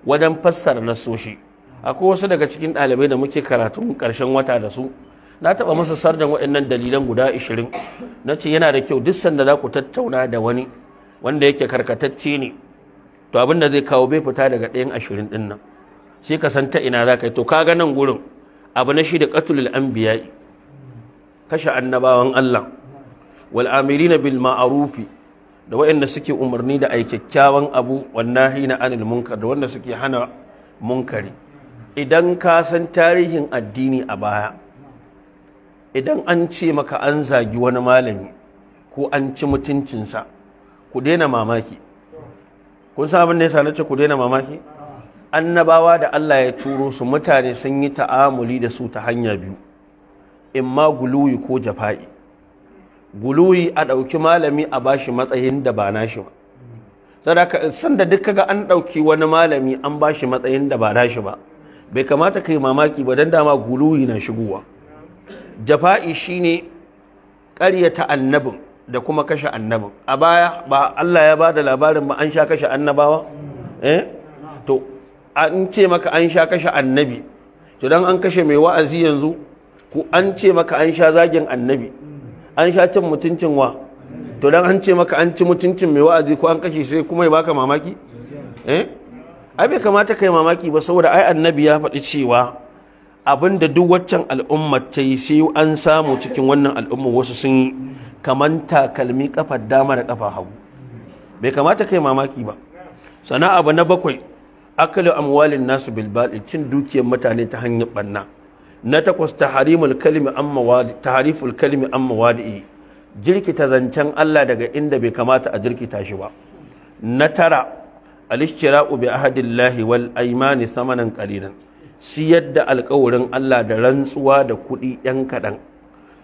wajen fassara nassoshi akwai wasu daga cikin ɗalibai da muke karatu ƙarshen wata da su na taɓa masa sarjan waɗannan dalilan guda 20 na ce yana da kyau duk sanda za ku tattauna da wani wanda yake karkatacce ne to abin da zai kawo bai fita daga ɗayan ashirin ɗin nan sai ka san ta ina za ka yi to ka ga nan gurin abu na shi da ƙatulul anbiya'i kashe annabawan Allah wal amirina bil ma'arufi da waɗanda suke umarni da ai kyakkyawan abu wannan hina anil munkar da wanda suke hana munkari idan ka san tarihin addini a baya idan an ce maka an zagi wani malami ko an ci mutuncinsa ku daina mamaki kun samun nesa na ce ku daina mamaki annabawa da Allah ya turo su mutane sun yi ta'amuli da su ta hanya biyu in ma guluyi ko jafa'i guluyi a ɗauki malami a bashi matsayin da ba nashi ba sadaka san da duk kaga an ɗauki wani malami an bashi matsayin da ba nashi ba bai kamata ka yi mamaki ba don dama guluwi na shigowa jafa'i shine ƙaryata annabin da kuma kashe annabin a baya ba Allah ya ba da labarin ba an sha kashe annabawa eh to an ce maka an sha kashe annabi to don an kashe mai wa'azi yanzu ko an ce maka an sha zagin annabi an sha cin mutuncin wa to don an ce maka an ci mutuncin mai wa'azi ko an kashe sai kuma ya baka mamaki eh ai bai kamata kai mamaki ba saboda ai annabi ya faɗi cewa abinda duk waccan al'umma ta yi sai an samu cikin wannan al'umma wasu sun kaman takalmi kafar dama da kafa hagu bai kamata kai mamaki ba sana abu na bakwai akali amwalin nasu bilbali cin dukiyar mutane ta hanyar banna na takwas ta kalmi amma wadi amma wadi jirkita zancen Allah daga inda bai kamata a jirkita shi ba na tara al-ishtira'u bi ahadillahi wal aymani samanan qalilan siyar da alƙawarin Allah da rantsuwa da kuɗi 'yan kaɗan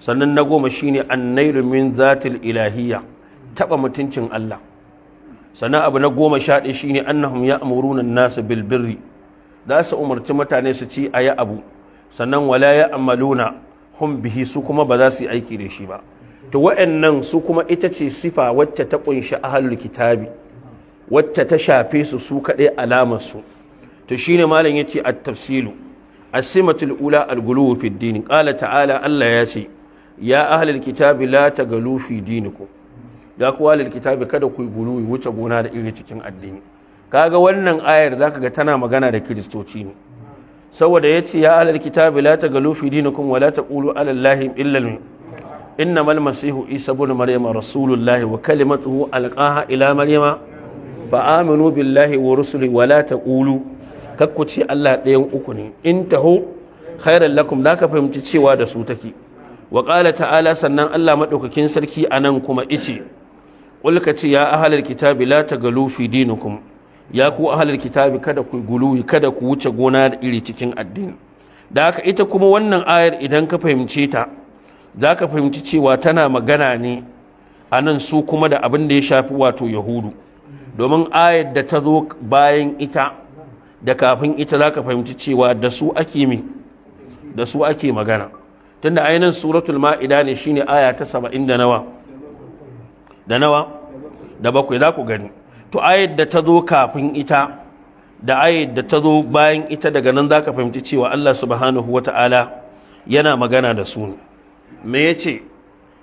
sannan na goma shine annailu min zatil taɓa mutuncin Allah sannan abu na goma shaɗi ɗaya shine annahum ya'muruna an-nas bil birri za su umarci mutane su ci ayi abu sannan wala ya'maluna hum bihi su kuma ba za su yi aiki da shi ba to wa'annan su kuma ita ce sifa wacce ta kunshi ahlul kitabi wacce ta shafe su su kaɗai alamar su to shine malam yace at-tafsilu as-simatul ula al-gulu fi din qala ta'ala Allah ya ce ya ahlul kitabi la tagalu fi ku? ya ku ahlul kitabi kada ku gulu wuce gona da iri cikin addini kaga wannan ayar zaka ga tana magana da kiristoci ne saboda yace ya ahlul kitabi la tagalu fi dinikum wa la taqulu ala allahi illa innamal masihu isa ibn maryama rasulullahi wa kalimatuhu alqaha ila maryama Ba aminu billahi wa rusuli wa la taqulu kakku ce Allah ɗayan uku ne in taho khairar lakum da ka fahimci cewa da su take wa ƙala ta'ala sannan Allah maɗaukakin sarki a nan kuma ice ƙulka ce ya ahalar kitabi la galu fi dinukum ya ku ahalar kitabi kada ku gulu kada ku wuce gona da iri cikin addini da haka ita kuma wannan ayar idan ka fahimce ta za ka fahimci cewa tana magana ne a nan su kuma da abin da ya shafi wato yahudu domin ayar da ta zo bayan ita da kafin ita za ka fahimci cewa da su ake magana tunda ainihin suratul ma'ida ne shine aya ta saba'in da nawa da nawa da bakwai za ku gani to ayar da ta zo kafin ita da ayar da ta zo bayan ita daga nan za ka fahimci cewa Allah subhanahu wata'ala yana magana da su ne me ya ce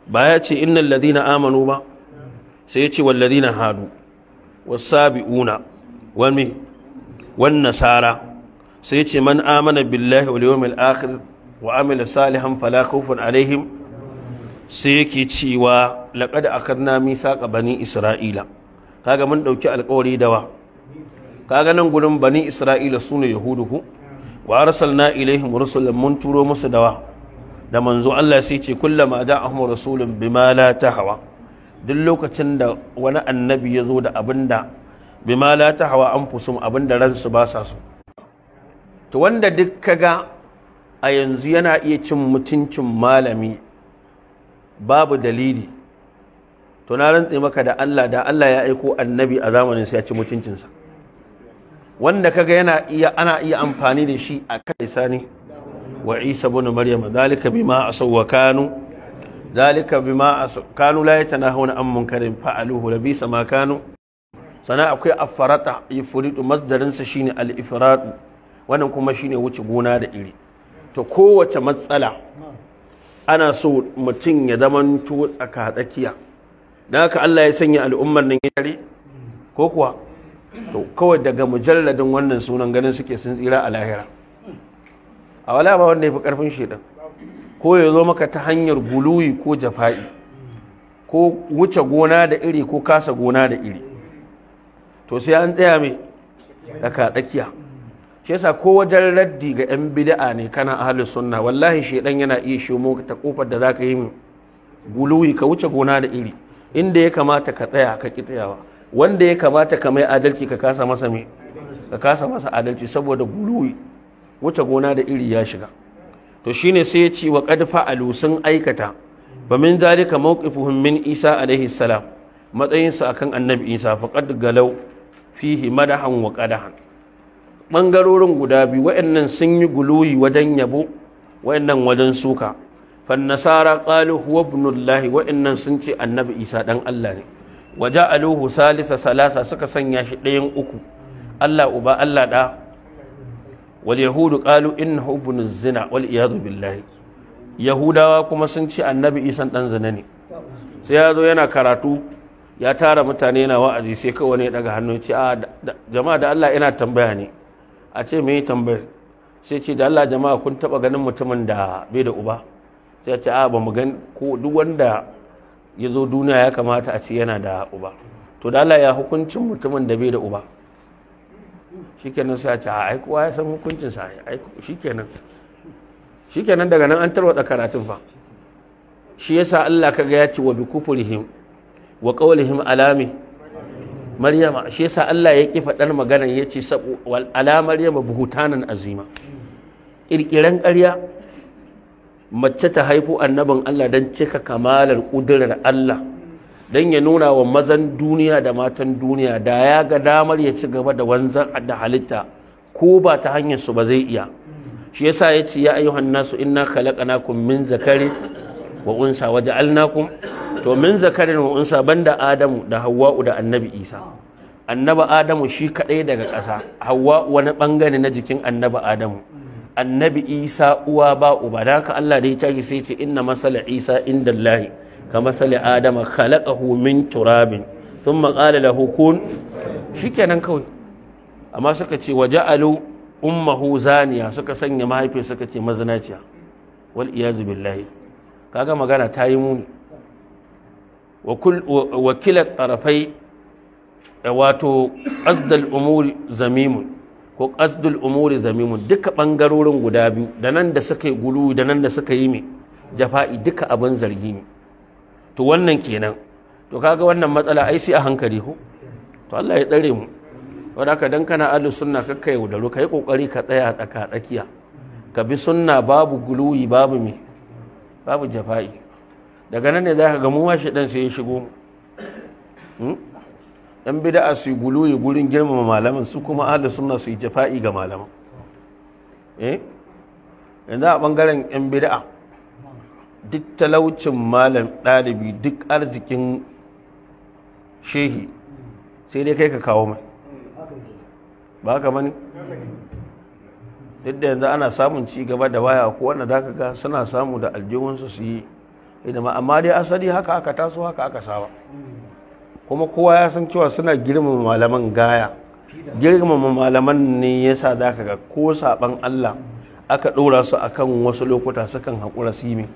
ba ya ce innal ladina amanu ba sai ya ce wal ladina hadu wasabi'una wani wan nasara sai ce man amana billahi wal yawmil akhir wa amila salihan fala khawfun alaihim sai yake cewa laqad akarna misaqa bani isra'ila kaga mun dauki alƙawari dawa kaga nan gurin bani isra'ila sune yahuduhu wa arsalna ilaihim rusulan mun turo musu dawa da manzo Allah sai ce kullama da'ahum rasulun bima la hawa. duk lokacin da wani annabi ya zo da abin da bima la ta hawa an fusum abin da ransu ba sa so to wanda duk kaga a yanzu yana iya cin mutuncin malami babu dalili to na rantse maka da Allah da Allah ya aiko annabi a zamanin sa ya ci mutuncinsa wanda kaga yana iya ana iya amfani da shi a kai sani wa Isa ibn Maryam zalika bima asawakanu kanu zalika bima kanu la yatanahuna an munkarin fa'aluhu labisa ma kanu sana akwai afarata yufridu masdarin sa shine al-ifrad wannan kuma shine wuce gona da iri to kowace matsala ana so mutum ya zamanto tsaka tsakiya dan haka Allah ya sanya al'ummar nan ya yare ko kuwa to kawai daga mujalladin wannan sunan ganin suke sun tsira a lahira a wala ba wanda ya fi karfin shedan ko ya zo maka ta hanyar guluwi ko jafa'i ko wuce gona da iri ko kasa gona da iri to sai an tsaya mai daga tsakiya shi yasa ko wajen raddi ga 'yan bida'a ne kana ahli sunna wallahi shedan yana iya shomo ta kofar da zaka yi guluwi ka wuce gona da iri inda ya kamata ka tsaya ka ki tsayawa wanda ya kamata ka mai adalci ka kasa masa mai ka kasa masa adalci saboda guluwi wuce gona da iri ya shiga to shine sai ya ce wa fa'alu sun aikata Ba min zalika mawqifuhum min Isa alaihi salam matsayin su akan Annabi Isa faqad galau fihi madahan wa qadahan bangarorin guda biyu wayannan sun yi guluyi wajen yabo wayannan wajen suka fan nasara qalu huwa ibnullahi wayannan sun ce Annabi Isa dan Allah ne Waje waja'aluhu salisa salasa suka sanya shi ɗayan uku Allah uba Allah ɗa. wal yahudu qalu innahu ibn zina wal iyadu billahi yahudawa kuma sun ce annabi isan dan zina ne sai ya zo yana karatu ya tara mutane na wa'azi sai kawai wani daga hannu ya ce ah, a jama'a da Allah ina tambaya ne a ce me tambaya sai ce da Allah jama'a kun taba ganin mutumin da bai da uba sai ya ce a ah, ba mu gani ko duk wanda ya zo duniya ya kamata a ce yana da uba to da Allah ya hukuncin mutumin da bai da uba shikenan sai a ce ai kowa ya san hukuncin sa ai shikenan shikenan daga nan an tarwada karatun fa shi yasa Allah kaga ya ce wa bikufrihim wa qawlihim alami maryama shi yasa Allah ya ki dan magana ya ce wal ala maryama buhutanan azima kirkiran ƙarya mace ta haifu annabin Allah don cika kamalar ƙudurar Allah don ya nuna wa mazan duniya da matan duniya da ya ga damar ya ci gaba da wanzan da halitta ko ba ta hanyar su ba zai iya shi yasa ya ce ya ayyuhan nasu inna khalaqnakum min zakarin wa unsa waja'alnakum to min zakarin wa unsa banda adamu da hawwa'u da annabi isa annaba adamu shi kadai daga ƙasa hawa wani bangare na jikin Annabi adamu annabi isa uwa ba uba da haka Allah da ya tashi sai ce inna masala isa inda lahi kamar sali adama khalaqahu min turabin thumma qala lahu kun shikenan kawai amma suka ce waja'alu ummuhu zaniya suka sanya mahaifin suka ce mazinaciya wal iyazu billahi kaga magana ta yi muni wa kila tarafai wato qasdal umuri zamimun ko qasdul umuri zamimun duka bangarorin guda biyu da nan da suka yi gulu da nan da suka yi mai jafa'i duka abin zargi ne to wannan kenan to kaga wannan matsala ai sai a hankali ko to Allah ya tsare mu wanda ka dan kana ahlus sunna kakka yau da ka kokari ka tsaya tsaka tsakiya ka bi sunna babu guluyi babu me babu jafa'i daga nan ne zaka ga mu ma shi dan sai ya shigo mu dan hmm? bid'a su guluyi gurin girmama malaman su kuma ahlus sunna su yi jafa'i ga malaman eh yanzu a bangaren yan bid'a duk talaucin malam ɗalibi duk arzikin shehi sai dai kai ka kawo mai ba ka mani duk da yanzu ana samun ci gaba da waya ko wanda za ka ga suna samu da aljihunsu su yi idan amma dai asali haka aka taso haka aka saba kuma kowa ya san cewa suna girmama malaman gaya girmama malaman ne yasa za ka ga ko saban Allah aka ɗora su akan wasu lokuta sukan haƙura su yi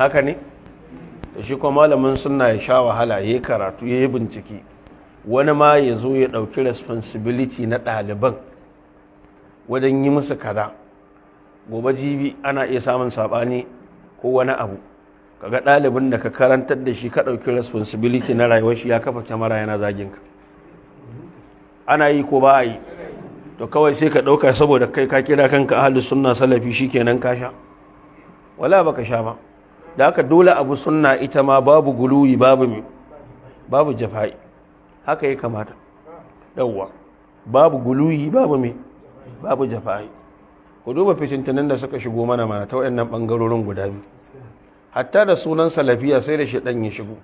haka ne shi kuma malamin suna ya sha wahala ya yi karatu ya yi bincike wani ma ya zo ya ɗauki responsibility na ɗaliban wajen yi musu kaza gobe jibi ana iya samun saɓani ko wani abu kaga ɗalibin da ka karantar da shi ka ɗauki responsibility na rayuwar shi ya kafa kyamara yana zagin ka ana yi ko ba a yi to kawai sai ka ɗauka saboda kai ka kira kanka ahalus sunna salafi shikenan ka sha wala baka sha ba da haka dole abu sunna ita ma babu guluyi babu babu jafa'i haka ya kamata yawwa babu guluyi babu mi babu jafa'i ku duba fitintunan da suka shigo mana mana ta wayannan bangarorin guda biyu hatta da sunan salafiya sai da shidan ya shigo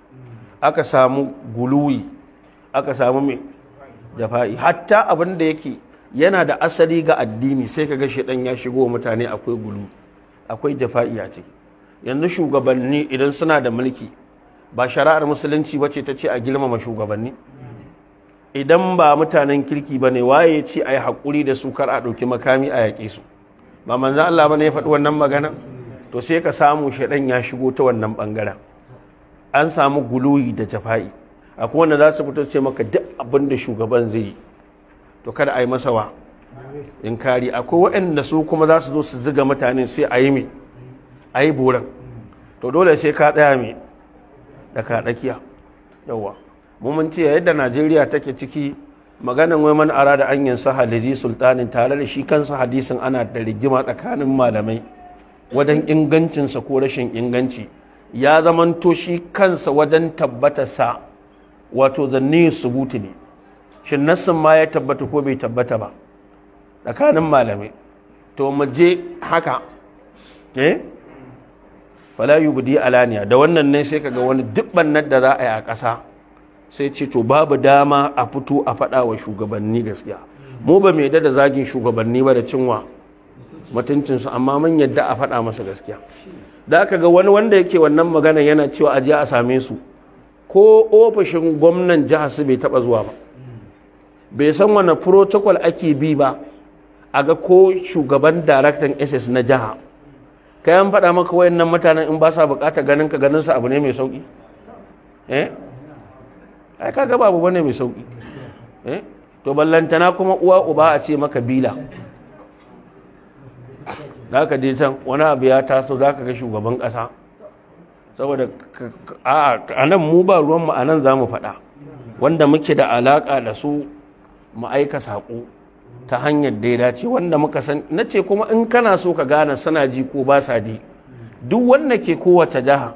aka samu guluyi aka samu mi jafa'i hatta abin da yake yana da asali ga addini sai kaga shidan ya shigo mutane akwai gulu akwai jafa'i a ciki yanzu shugabanni idan suna da mulki ba shari'ar musulunci bace ta ce a girmama shugabanni idan ba mutanen kirki ba ne waye ya ce a yi haƙuri da su kar a ɗauki makami a yaƙe su ba manzan Allah ba ne ya faɗi wannan magana to sai ka samu shaɗan ya shigo ta wannan bangaren an samu guloyi da jafa'i akwai wanda za su fito ce maka duk abin da shugaban zai yi to kada a yi masa wa in kari akwai waɗanda su kuma za su zo su ziga mutane sai a yi mai a yi buran to dole sai ka tsaya mai da ka tsakiya yawa ce yadda najeriya take ciki maganin wai ara da an yin halizi sultanin tare da shi kansa hadisin ana da rigima tsakanin malamai wajen ingancinsa ko rashin inganci ya zamanto shi kansa wajen tabbatarsa wato new subuti ne shin nassin ma ya tabbata ko bai tabbata ba tsakanin malamai to mu je haka eh? fala yubdi alaniya da wannan ne sai kaga wani dubban nan da za a yi a ƙasa sai ce to babu dama a fito a faɗa wa shugabanni gaskiya mu ba mai da zagin shugabanni ba da cinwa mutuncinsu amma mun yadda a faɗa masa gaskiya da aka ga wani wanda yake wannan magana yana cewa a je a same su ko ofishin gwamnan jihar su bai taba zuwa ba bai san wani protocol ake bi ba a ga ko shugaban daraktan ss na jihar. kai an faɗa maka wayannan mutanen in ba sa buƙatar ganin ka ganin su abu ne mai sauƙi eh ai kaga babu bane mai sauƙi eh to ballantana kuma uwa uba a ce maka bila zaka je can wani abu ya taso zaka ga shugaban ƙasa saboda a nan mu ba ruwan mu a nan za mu faɗa wanda muke da alaƙa da su mu aika saƙo ta hanyar da ya dace wanda muka san na ce kuma in kana so ka gane suna ji ko ba sa ji duk wanda ke kowace jiha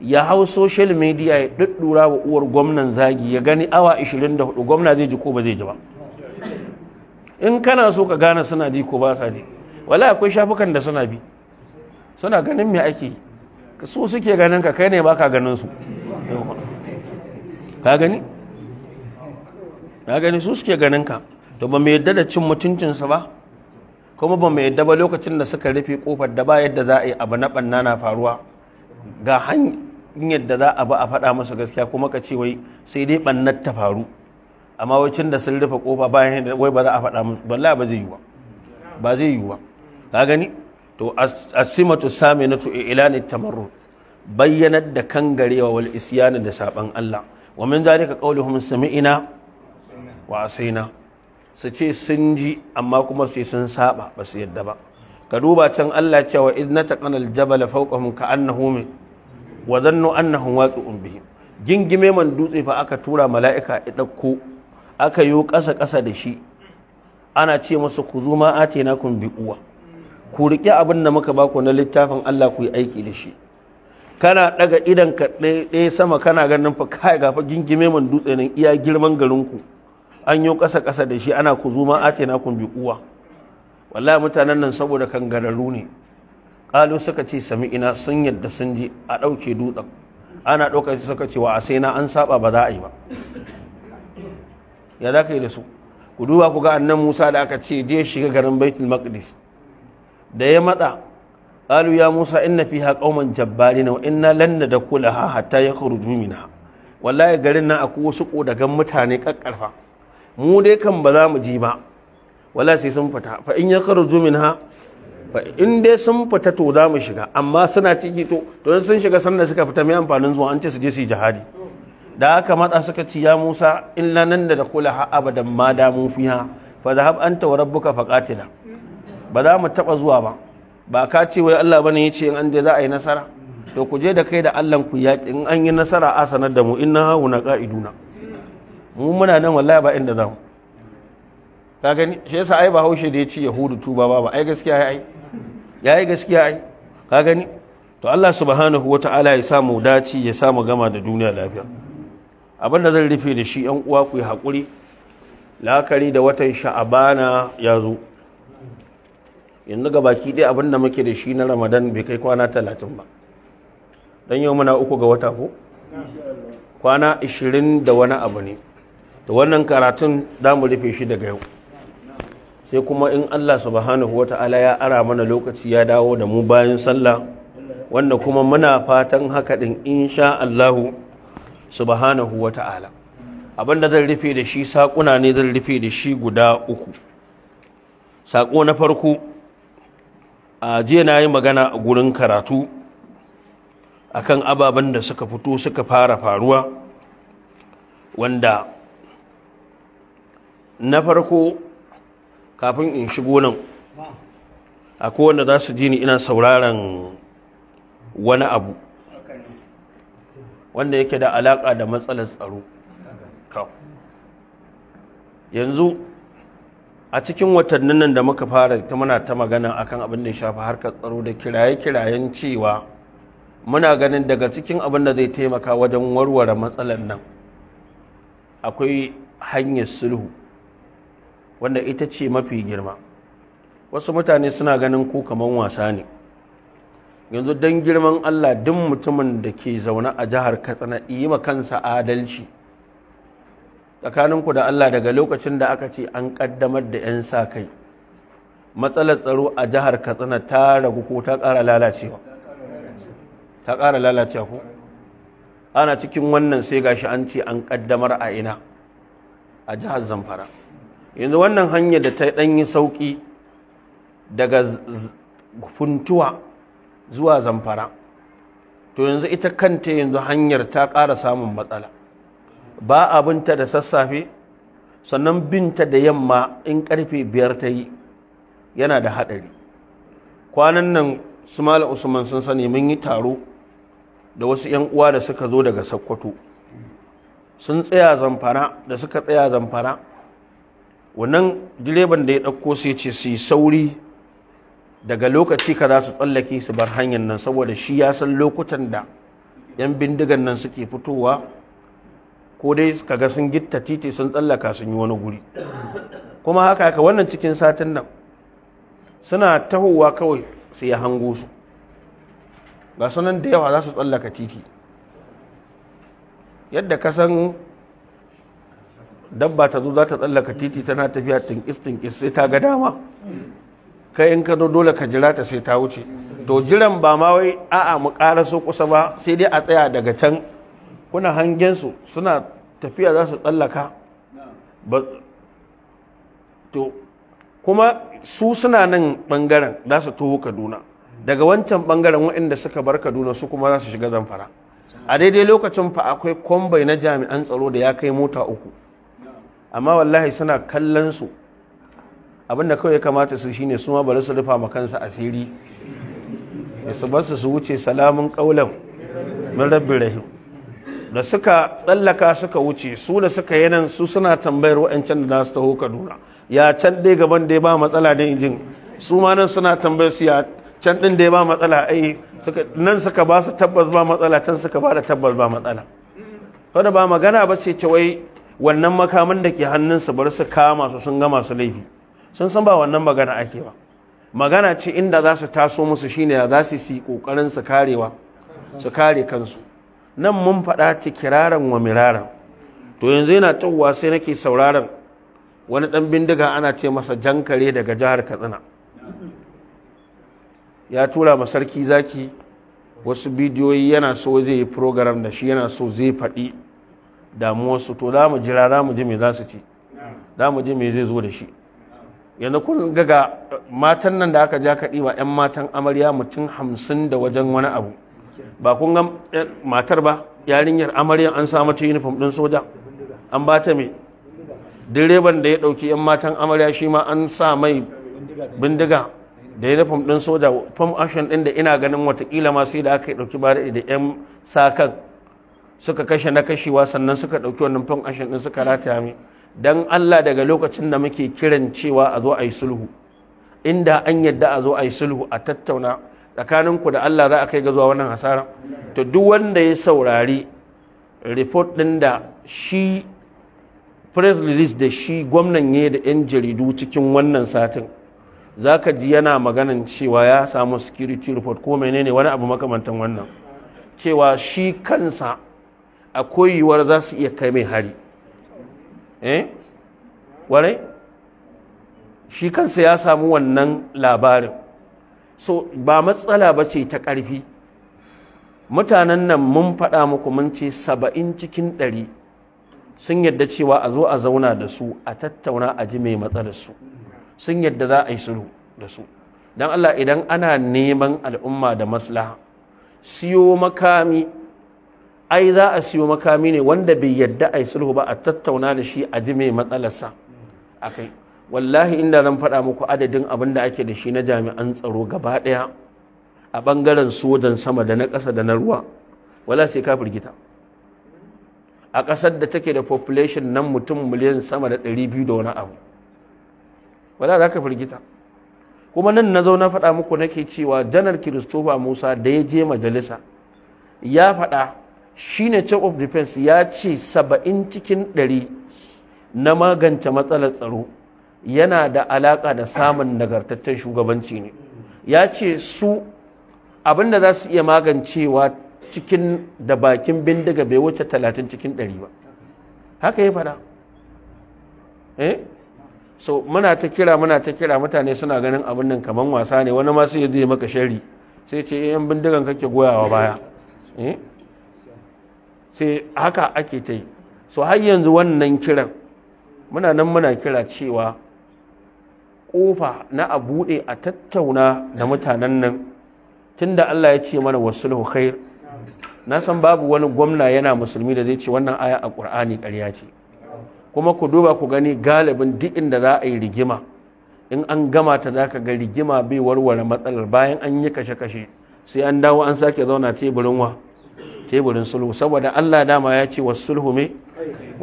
ya hau social media ya ɗuɗɗura wa uwar gwamnan zagi ya gani awa 24 gwamna zai ji ko ba zai ji ba in kana so ka gane suna ji ko ba sa ji wala akwai shafukan da suna bi suna ganin me ake yi su suke ganin ka kai ne ba ka ganin su ka gani ka gani su suke ganin ka to ba mai yadda da cin mutuncinsa ba kuma ba mai yadda ba lokacin da suka rufe kofar da ba yadda za a yi abu na ɓanna na faruwa ga hanyar da za a ba a faɗa masa gaskiya kuma ka ce wai sai dai ɓannar ta faru amma wacin da sun rufe kofa bayan wai ba za a faɗa musu balla ba zai yi ba zai yi ba gani to asimatu saminatu ilani tamarru bayyanar da kangarewa wal isyani da saban Allah wa min zalika qawluhum sami'ina wa asaina su ce sun ji amma kuma sai sun saba ba su yadda ba ka duba can Allah cewa na nataqana al-jabala fawqahum ka'annahu min wa dhannu annahu waqi'un bihi gingime man dutse fa aka tura mala'ika ya dauko aka yi ƙasa ƙasa da shi ana ce musu ku zo ma kun bi uwa. ku riƙe abin da muka baku na littafin Allah ku yi aiki da shi kana daga idan ka ɗaya sama kana ganin fa kai ga fa gingime man dutse nan iya girman garinku ku an yi ƙasa kasa da shi ana ku zuma ace na kun bi kuwa wallahi mutanen nan saboda kan kangararru ne ƙalu suka ce sami ina sun yadda sun ji a ɗauke dutsen ana ɗaukar su suka ce wa a sai na an saba ba za a yi ba ya za ka yi da su ku duba ku ga annan musa da aka ce je shiga garin baitul maqdis da ya matsa ƙalu ya musa inna fiha qauman na wa inna lan ندخلها hatta yakhruju minha wallahi garin na akwai wasu kodagan mutane kakkarfa mu dai kan ba za mu ji ba wala sai sun fita fa in ya kharju minha fa in dai sun fita to za mu shiga amma suna ciki to to sun shiga sannan suka fita mai amfanin zuwa an ce su je su yi jihadi da aka matsa suka ci ya Musa illa nan da kula ha abadan ma da mu fiha fa zahab anta wa rabbuka faqatila ba za mu taba zuwa ba ba ka ce wai Allah bane yace in an je za a yi nasara to ku je da kai da Allah ku yaƙi in an yi nasara a sanar da mu inna hauna na. mu muna nan wallahi ba inda zamu ka gani shi yasa ai ba haushe da ya ci yahudu tuba ba ba ai gaskiya ai yayi gaskiya ai ka gani to Allah subhanahu wata'ala ya sa mu dace ya samu gama da duniya lafiya abinda zan rufe da shi yan uwa ku yi hakuri la'akari da watan sha'abana ya zo yanzu ga baki ɗaya abinda muke da shi na ramadan bai kai kwana talatin ba don yau muna uku ga wata ko kwana ashirin da wani abu ne Da wannan karatun za mu rufe shi daga yau sai kuma in Allah subhanahu ta'ala ya ara mana lokaci ya dawo da mu bayan sallah wanda kuma muna fatan haka din insha Allah subhanahu ta'ala abinda zan rufe da shi sakuna ne zan rufe da shi guda uku sako na farko a jiya na yi magana a gurin karatu akan ababen da suka fito suka fara faruwa wanda na farko kafin in shigo nan akwai wanda za su ji ni ina sauraron wani abu wanda yake da alaƙa da matsalar tsaro yanzu a cikin watannin nan da muka fara ta muna ta magana akan abin da ya shafi harkar tsaro da kiraye-kirayen cewa muna ganin daga cikin abin da zai taimaka wajen warware matsalar nan akwai hanyar sulhu wanda ita ce mafi girma wasu mutane suna ganin ku kamar wasa ne yanzu don girman Allah duk mutumin da ke zaune a jihar Katsina yi ma kansa adalci tsakaninku da Allah daga lokacin da aka ce an kaddamar da 'yan sa kai matsalar tsaro a jihar Katsina ta ragu ko ta ƙara lalacewa ta ƙara lalacewa ku ana cikin wannan sai gashi an ce an kaddamar a ina a jihar Zamfara yanzu wannan hanyar da ta ɗanyi sauƙi daga funtuwa zuwa zamfara to yanzu ita kanta yanzu hanyar ta ƙara samun matsala ba abinta da sassafe sannan binta da yamma in ƙarfe biyar ta yi yana da haɗari kwanan nan su mala usman sun sani mun yi taro da wasu 'yan uwa da suka zo daga sakkwato sun tsaya zamfara da suka tsaya zamfara wannan direban da ya ɗauko sai ce su yi sauri daga lokaci ka za su tsallake su bar hanyar nan saboda shi ya san lokutan da 'yan bindigan nan suke fitowa ko dai ka ga sun gitta titi sun tsallaka sun yi wani guri kuma haka haka wannan cikin satin nan suna tahowa kawai sai ya hango su ga sunan da yawa za su tsallaka titi yadda ka san dabba ta zo za ta tsallaka titi tana tafiya tinkis tinkis sai ta ga dama ka in ka zo dole ka jira ta sai ta wuce to jiran ba ma wai a'a mu ƙara so kusa ba sai dai a tsaya daga can kuna hangen suna tafiya za su tsallaka to kuma su suna nan bangaren za su tuhu Kaduna daga wancan bangaren waɗanda suka bar Kaduna su kuma za su shiga Zamfara a daidai lokacin fa akwai kwambai na jami'an tsaro da ya kai mota uku amma wallahi suna kallon su abinda kawai ya kamata su shine su ma bari su rufa ma kansa asiri da su bar su su wuce salamun kaulan min rabbi rahim da suka tsallaka suka wuce su da suka yi nan su suna tambayar wa'ancan da nasu taho kaduna ya can dai gaban dai ba matsala da injin su ma nan suna tambayar su ya can din dai ba matsala ai nan suka ba su tabbas ba matsala can suka ba da tabbas ba matsala da ba magana ba ce ta wai wannan makaman da ke hannunsa bari su kama su sun gama su laifi sun san ba wannan magana ake ba magana ce inda za su taso musu shine da za su yi kokarin su karewa su kare kansu nan mun faɗa tikiraran wa miraran to yanzu yana tawwa sai nake sauraron wani ɗan bindiga ana ce masa jankare daga jihar katsina ya tura ma sarki zaki wasu bidiyoyi yana so zai yi program da shi yana so zai faɗi damuwarsu to za mu jira za mu ji me za su ci za mu ji me zai zo da shi yanzu kun gaga matan nan da aka ja kaɗi wa 'yan matan amarya mutum hamsin da wajen wani abu ba kun ga eh, matar ba yarinyar amarya an sa mata uniform ɗin soja an ba ta me direban da ya ɗauki 'yan matan amarya shi ma an sa mai bindiga da uniform ɗin soja fom action ɗin da ina ganin watakila ma sai da aka ɗauki ba da 'yan sakan suka kashe na kashewa sannan suka ɗauki wannan fan ashin ɗin suka rataya mai don Allah daga lokacin da muke kiran cewa a zo a yi sulhu inda an yadda a zo a yi sulhu a tattauna tsakanin ku da Allah za a kai ga zuwa wannan hasara to duk wanda ya saurari report ɗin da shi press release da shi gwamnan ya da 'yan jaridu cikin wannan satin za ka ji yana maganan cewa ya samu security report ko menene wani abu makamantan wannan cewa shi kansa akwai yiwuwar za su iya kai mai hari eh ware shi kansa ya samu wannan labarin so ba matsala ba ce ta ƙarfi mutanen nan mun faɗa muku mun ce saba'in cikin ɗari sun yadda cewa a zo a zauna da su a tattauna a ji mai su. sun yadda za a yi sulhu da su don Allah idan ana neman al'umma da maslaha siyo makami ai za a siyo makami ne wanda bai yadda a yi sulhu ba a tattauna da shi a ji mai matsalarsa a kai wallahi inda zan faɗa muku adadin abin da ake da shi na jami'an tsaro gaba ɗaya a ɓangaren sojan sama da na ƙasa da na ruwa wala sai ka firgita a ƙasar da take da population nan mutum miliyan sama da ɗari biyu da wani abu wala za ka firgita kuma nan na zo na faɗa muku nake cewa janar kiristofa musa da ya je majalisa ya faɗa shine chief of defense ya ce saba'in cikin ɗari na magance matsalar tsaro yana da alaka da samun nagartattun shugabanci ne ya ce su abinda za su iya magancewa cikin da bakin bindiga bai wuce talatin cikin 100 ba haka ya fada eh? so muna ta kira muna ta kira mutane suna ganin abin nan kaman wasa ne wani ma sai zai maka shari sai ce eh, yan bindigan kake goyawa baya eh? sai haka ake ta yi so har yanzu wannan kiran muna nan muna kira cewa kofa na a buɗe a tattauna da mutanen nan tunda Allah ya ce mana wasu khair na san babu wani gwamna yana musulmi da zai ce wannan aya a ƙur'ani ƙarya ce kuma ku duba ku gani galibin duk inda za a yi rigima in an gama ta zaka ga rigima bai warware matsalar bayan an yi kashe-kashe sai an dawo an sake zauna teburin wa teburin sulhu saboda Allah dama ya ce sulhu me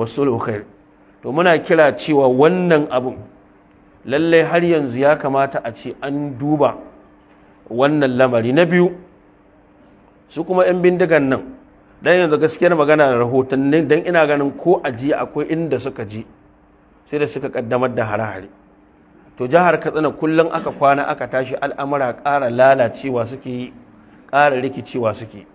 sulhu kai. to muna kira cewa wannan abun lallai har yanzu ya kamata a ce an duba wannan lamari na biyu su kuma 'yan bindigan nan dan yanzu gaskiyar magana da rahoton ne don ina ganin ko a ji akwai inda suka ji sai da suka kaddamar da hare-hare to jihar katsina kullum aka kwana aka tashi al'amura ƙara lalacewa suke yi ƙara rikicewa suke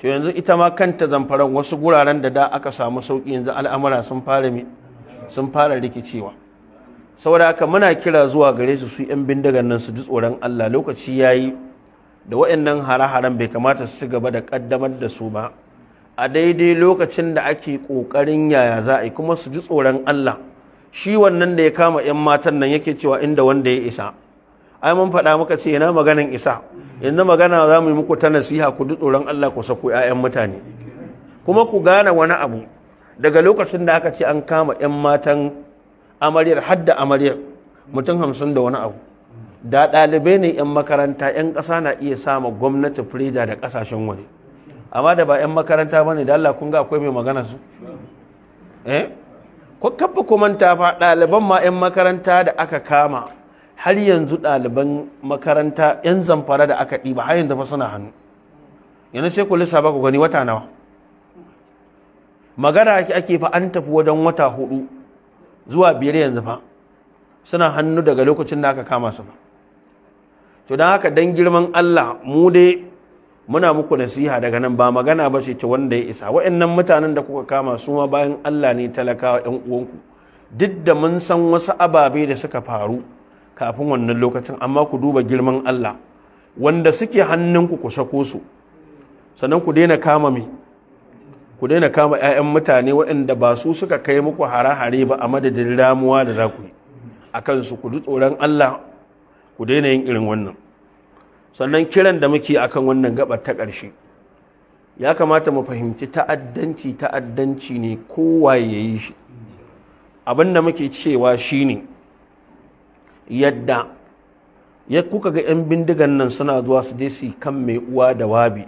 to yanzu ita ma kanta zamfaran wasu guraren da da aka samu sauki yanzu al'amura sun fara sun fara rikicewa saboda haka muna kira zuwa gare su su yan bindigan nan su ji tsoron Allah lokaci yayi da waɗannan hare-haren bai kamata su gaba da kaddamar da su ba a daidai lokacin da ake kokarin yaya za a yi kuma su ji tsoron Allah shi wannan da ya kama yan matan nan yake cewa inda wanda ya isa ai mun faɗa muka ce yana maganin isa yanzu magana za mu yi muku ta nasiha ku ji tsoron Allah ku sako 'ya'yan mutane kuma ku gane wani abu daga lokacin da aka ce an kama 'yan matan amaryar hadda amaryar mutum hamsin da wani abu da ɗalibai ne 'yan makaranta 'yan ƙasa na iya sama gwamnati firida da ƙasashen waje amma da ba 'yan makaranta ba ne da Allah kun ga akwai mai magana su eh ko kafa fa ɗaliban ma 'yan makaranta da aka kama har yanzu ɗaliban makaranta 'yan zamfara da aka ɗiba har yanzu fa suna hannu yana sai ku lissa ba ku gani wata nawa magana ake fa an tafi wajen wata hudu zuwa biyar yanzu fa suna hannu daga lokacin da aka kama su fa to don haka dan girman Allah mu dai muna muku nasiha daga nan ba magana ba ce ta wanda ya isa wa'annan mutanen da kuka kama su ma bayan Allah ne talakawa 'yan uwanku duk da mun san wasu ababe da suka faru kafin wannan lokacin amma ku duba girman Allah wanda suke hannunku ku sako su sannan ku daina kama mai ku daina kama 'ya'yan mutane waɗanda ba su suka kai muku hare-hare ba a madadin ramuwa da za ku yi a kansu ku ji tsoron Allah ku daina yin irin wannan sannan kiran da muke akan wannan gabar ta ƙarshe ya kamata mu fahimci ta'addanci ta'addanci ne kowa ya yi shi abinda muke cewa shine yadda ya kuka ga 'yan bindigan nan suna zuwa su je su kan mai uwa da wabi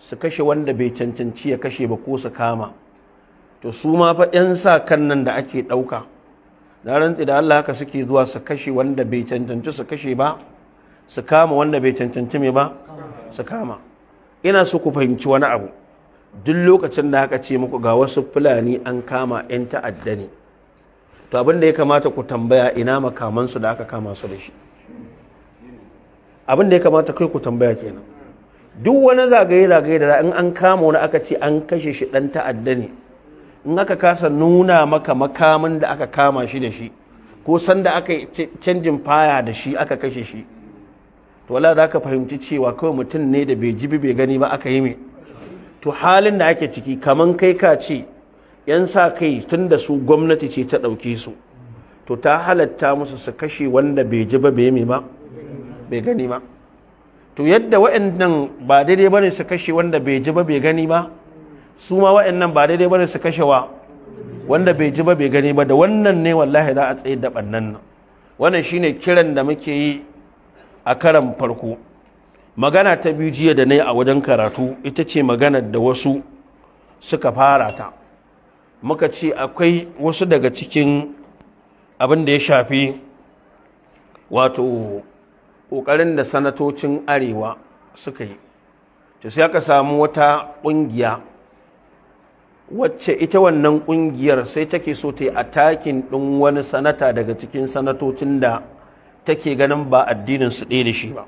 su kashe wanda bai cancanci ya kashe ba ko su kama to su ma fa 'yan sa kan nan da ake ɗauka na rantsi da Allah haka suke zuwa su kashe wanda bai cancanci su kashe ba su kama wanda bai cancanci mai ba su kama ina so ku fahimci wani abu duk lokacin da haka ce muku ga wasu fulani an kama 'yan ta'adda ne to abin da ya kamata ku tambaya ina makamansu da aka kama su da shi abin da ya kamata kai ku tambaya kenan duk wani zagaye-zagaye da in an kama wani aka ce an kashe shi dan ta'adda ne in aka kasa nuna maka makamin da aka kama shi da shi ko sanda aka canjin faya da shi aka kashe shi to wala za ka fahimci cewa kawai mutum ne da bai jibi bai gani ba aka yi mai to halin da ake ciki kaman kai ka ce 'yan sa kai tun da su gwamnati ce ta ɗauke su to ta halatta musu su kashe wanda bai ji ba bai mai ba bai gani ba to yadda wa'annan ba daidai bane su kashe wanda bai ji ba bai gani ba su ma wa'annan ba daidai bane su kashe wa wanda bai ji ba bai gani ba da wannan ne wallahi za a tsaye da bannan nan wannan shine kiran da muke yi a karan farko magana ta biyu jiya da na yi a wajen karatu ita ce magana da wasu suka fara ta muka ce akwai wasu daga cikin abin da ya shafi wato ƙoƙarin da sanatocin arewa suka yi ta sai aka samu wata ƙungiya wacce ita wannan ƙungiyar sai take so ta yi a takin ɗin wani sanata daga cikin sanatocin da take ganin ba addinin su ɗaya da shi ba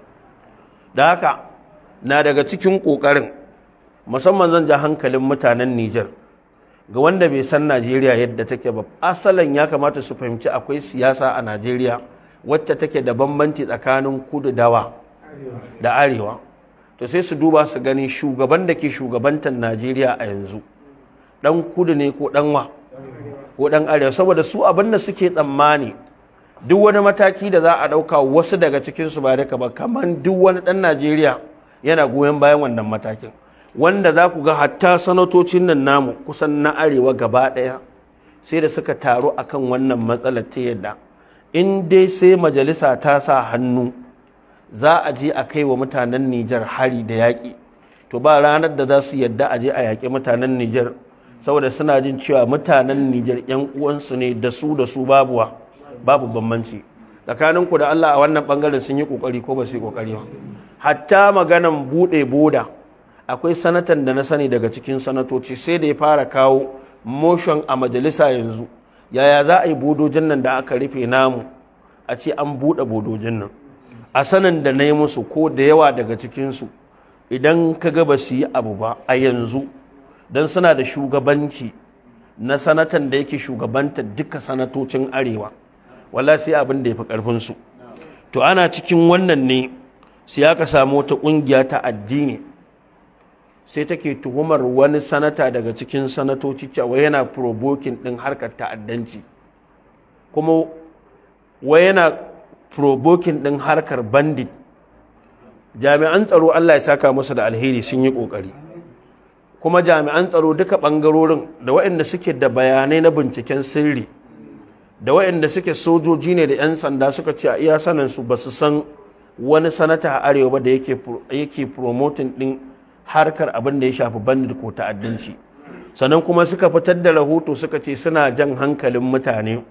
da haka na daga cikin ƙoƙarin musamman zan ja hankalin mutanen Nijar ga wanda bai san Najeriya yadda take ba Asalin ya kamata su fahimci akwai siyasa a Najeriya wacce take da bambanci tsakanin kudu dawa da arewa to sai su duba su gani shugaban da ke shugabantar Najeriya a yanzu dan kudu ne ko dan wa ko dan arewa saboda su abin da suke tsammani duk wani mataki da za a dauka wasu daga cikin su ba da ba kamar duk wani dan Najeriya yana goyon bayan wannan matakin wanda za ku ga hatta sanatocin nan namu kusan na arewa gaba ɗaya sai da suka taru akan wannan matsalar ta yadda in dai sai majalisa ta sa hannu za a je a kai wa mutanen Nijar hari da yaƙi to ba ranar da za su yadda a je a yaƙi mutanen Nijar saboda suna jin cewa mutanen Nijar 'yan uwansu ne da su da su babu babu bambanci tsakaninku da Allah a wannan bangaren sun yi kokari ko ba su yi kokari ba hatta maganan buɗe boda akwai sanatan da na sani daga cikin sanatoci sai da ya fara kawo motion a majalisa yanzu yaya za a yi bodojin nan da aka rufe namu a ce an buɗe bodojin nan a sanin da na yi musu ko da yawa daga cikinsu idan ka gaba su yi abu ba a yanzu don suna da shugabanci na sanatan da yake shugabanta duka sanatocin arewa wala sai abin da ya fi ƙarfinsu to ana cikin wannan ne sai aka samu wata ƙungiya ta addini sai take tuhumar wani sanata daga cikin sanatoci cewa yana provoking din harkar ta'addanci kuma wai yana provoking din harkar bandit jami'an tsaro Allah ya saka musu da alheri sun yi kokari kuma jami'an tsaro duka bangarorin da waɗanda suke da bayanai na binciken sirri da waɗanda suke sojoji ne da 'yan sanda suka ce a iya saninsu ba su san wani sanata a arewa ba da yake promoting ɗin harkar abin da ya shafi bandit ko ta'addanci sannan kuma suka fitar da rahoto suka ce suna jan hankalin mutane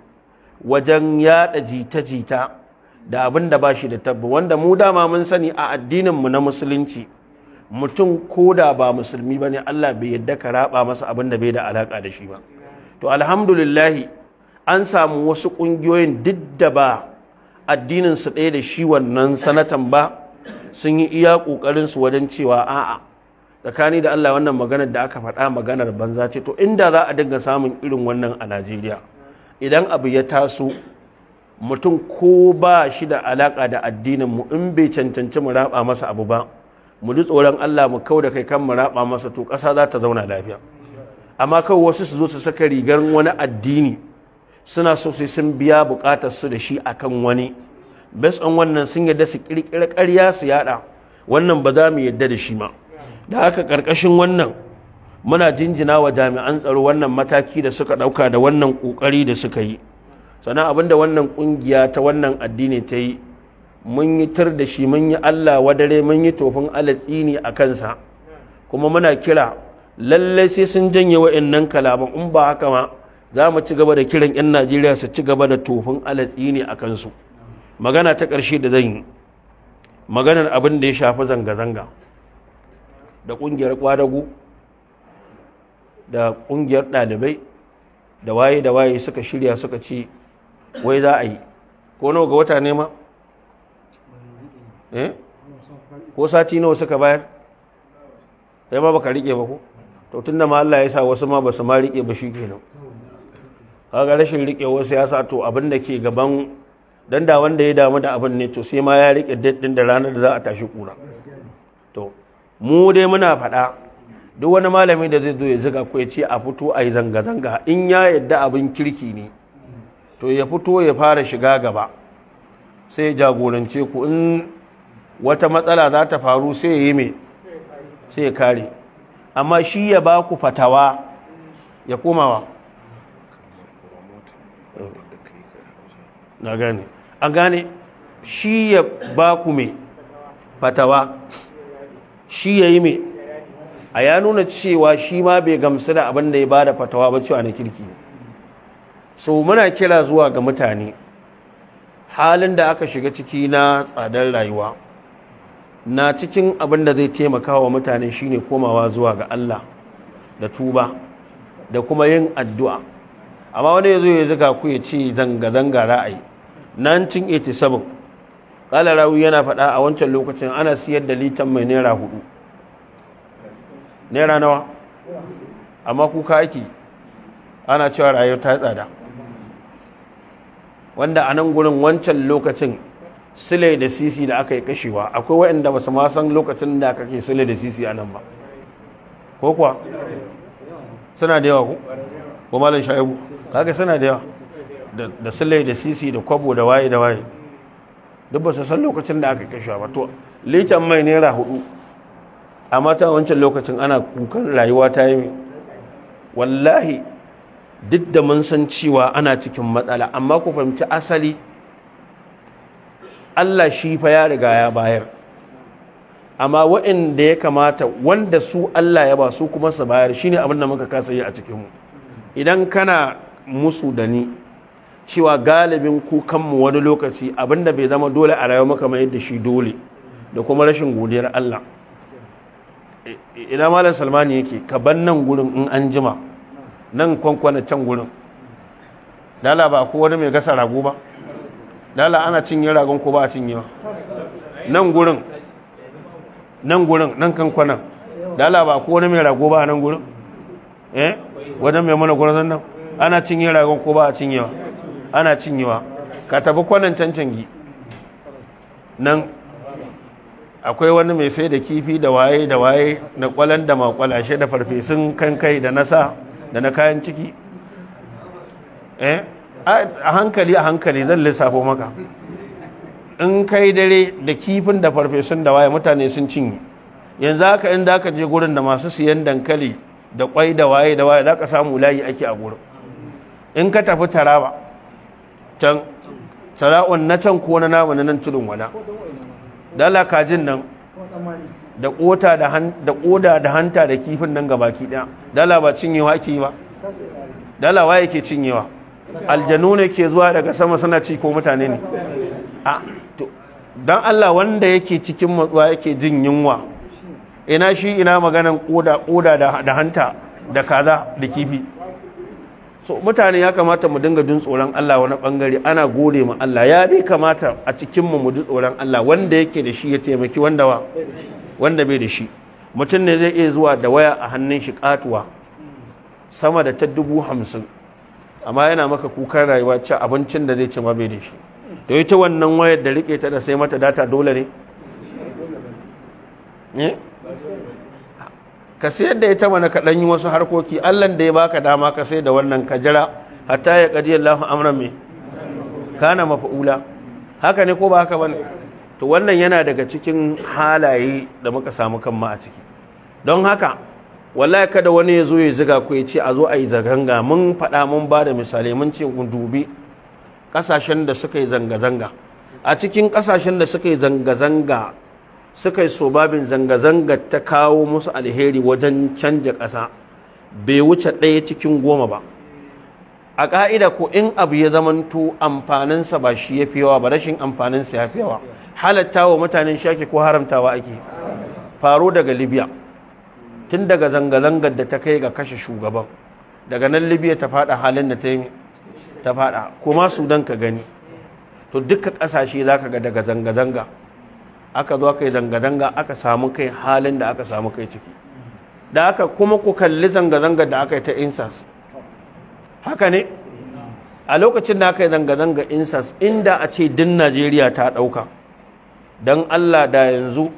wajen yada jita-jita da abin da ba shi da tabba wanda mu dama mun sani a addininmu na musulunci mutum ko da ba musulmi ba ne Allah bai yadda ka raba masa abin da bai da alaƙa da shi ba to alhamdulillahi an samu wasu ƙungiyoyin duk da ba addinin su ɗaya da shi wannan sanatan ba sun yi iya ƙoƙarinsu wajen cewa a'a tsakani da Allah wannan maganar da aka faɗa maganar banza ce to inda za a dinga samun irin wannan a Najeriya idan abu ya taso mutum ko ba shi da alaƙa da addinin mu in bai cancanci mu raba masa abu ba mu ji tsoron Allah mu kauda kai kan mu raba masa to ƙasa za ta zauna lafiya amma kawai wasu su zo su saka rigar wani addini suna so sai sun biya bukatar su da shi akan wani bas wannan sun yarda su kirkira ƙarya su yada wannan ba za mu yarda da shi ma da haka ƙarƙashin wannan muna jinjina wa jami'an tsaro wannan mataki da suka ɗauka da wannan ƙoƙari da suka yi sannan abin da wannan ƙungiya ta wannan addini ta yi mun yi tar da shi mun yi allah wadare mun yi tofin alatsi ne a kansa kuma muna kira lallai sai sun janye wa'annan kalaman in ba haka ma za mu ci gaba da kiran 'yan najeriya su ci gaba da tofin alatsi ne a kansu magana ta ƙarshe da zan yi maganar abin da ya shafi zanga-zanga da kungiyar kwadagu da kungiyar ɗalibai da waye da waye suka shirya suka ci wai za a yi ko nawa ga wata nema eh ko sati nawa suka bayar sai ma baka rike ba ko to tunda ma Allah ya sa wasu ma basu ma rike ba shikenan kaga rashin rike wasu ya sa to abin da ke gaban dan da wanda ya damu da abin ne to sai ma ya rike daddin da ranar da za a tashi kura to mu dai muna faɗa duk wani malami da zai zo ya ziga ko ya ce a fito a yi zanga-zanga in ya yadda abin kirki ne to ya fito ya fara shiga gaba sai ya jagorance ku in wata matsala za ta faru sai ya yi mai sai ya kare amma shi ya ba ku fatawa ya komawa na gane an gane shi ya ba ku mai fatawa shi ya yi me a ya nuna cewa shi ma bai gamsu da abin da ya bada fatawa ba cewa na kirki so muna kira zuwa ga mutane halin da aka shiga ciki na tsadar rayuwa na cikin abin da zai taimaka wa mutane shine komawa zuwa ga Allah da tuba da kuma yin addu'a amma wani ya zo ya zika ku ya ce zanga-zanga ra'ayi 1987 ƙala rawi yana faɗa a wancan lokacin ana siyar da litan mai naira hudu naira nawa amma kuka ake ana cewa rayuwa ta tsada wanda a nan gurin wancan lokacin sile da sisi da aka yi kashewa akwai waɗanda ba su ma san lokacin da aka ke sile da sisi a nan ba ko kuwa suna da yawa ku ko malam sha'ibu kaga suna da yawa da sile da sisi da kwabo da waye da waye duk ba su san lokacin da aka kashe ba to litan mai naira hudu a mata wancan lokacin ana kukan rayuwa ta yi wallahi duk da mun san cewa ana cikin matsala amma ku fahimci asali Allah shi fa ya riga ya bayar amma waɗanda ya kamata wanda su Allah ya ba su kuma su bayar shine abin da muka kasa yi a cikinmu. idan kana musu da ni cewa galibin kukanmu wani lokaci abinda bai zama dole a rayuwa maka mai da shi dole da kuma rashin godiyar Allah ina malam salmani yake ka ban nan gurin in an jima nan kwankwana can gurin dala ba ko wani mai gasa rago ba dala ana cinye ragon ko ba a cinye ba nan gurin nan gurin nan kankwana dala ba ko wani mai rago ba a nan gurin eh wani mai mana gurin nan ana cinye ragon ko ba a cinye ba ana cinyewa ka tafi kwanan cancangi nan akwai wani mai sai da kifi da waye da waye na kwalan da shi da farfesun kankai da nasa da na kayan ciki eh a hankali a hankali zan lissafo maka in kai dare da kifin da farfesun da waye mutane sun cinye yanzu haka in da ka je gurin da masu siyan dankali da kwai da waye da waye za ka samu layi ake a gurin in ka tafi taraba can tara'un na can ko na namu na nan tudun wana dala kajin nan da kota da da koda da hanta da kifin nan gabaki daya dala ba cinyewa ake yi ba dala wa yake cinyewa aljanu ne ke zuwa daga sama suna ci ko mutane ne a to dan Allah wanda yake cikin matsuwa yake jin yunwa ina shi ina maganan koda koda da hanta da kaza da kifi so mutane ya kamata mu dinga jin tsoron Allah wani bangare ana gode ma Allah ya dai kamata a cikin mu mu ji tsoron Allah wanda yake da shi ya taimaki wanda wa wanda bai da shi mutum ne zai iya zuwa da waya a hannun shi katuwa sama da ta dubu hamsin amma yana maka kukan rayuwa ci abincin da zai ci ma bai da shi to ita wannan wayar da rike ta da sai mata data dole ne eh? ka sayar da ita mana kaɗan yi wasu harkoki Allah da ya baka dama ka sai da wannan ka jira hatta ya qadi Allahu amran me kana mafa'ula haka ne ko ba haka bane to wannan yana daga cikin halaye da muka samu ma a ciki don haka wallahi kada wani ya zo ya ziga ku ya ce a zo a yi zaganga mun faɗa mun ba da misali mun ce dubi ƙasashen da suka yi zanga-zanga a cikin ƙasashen da suka yi zanga-zanga suka yi babin zanga-zanga ta kawo musu alheri wajen canja ƙasa bai wuce ɗaya cikin goma ba a ƙa'ida ko in abu ya zamanto amfaninsa ba shi ya fi yawa ba rashin amfaninsa ya fi yawa halatta wa mutanen shaki ko haramtawa ake faro daga libya tun daga zanga-zangar da ta kai ga kashe shugaban daga nan libya ta faɗa halin da ta yi ta faɗa kuma sudan ka gani to duka ƙasashe za ka ga daga zanga-zanga aka zo aka yi zanga-zanga aka samu kai halin da aka samu kai ciki da aka kuma ku kalli zanga-zanga da aka yi ta insas haka ne a lokacin da aka yi zanga-zanga insas inda a ce din najeriya ta ɗauka don allah da yanzu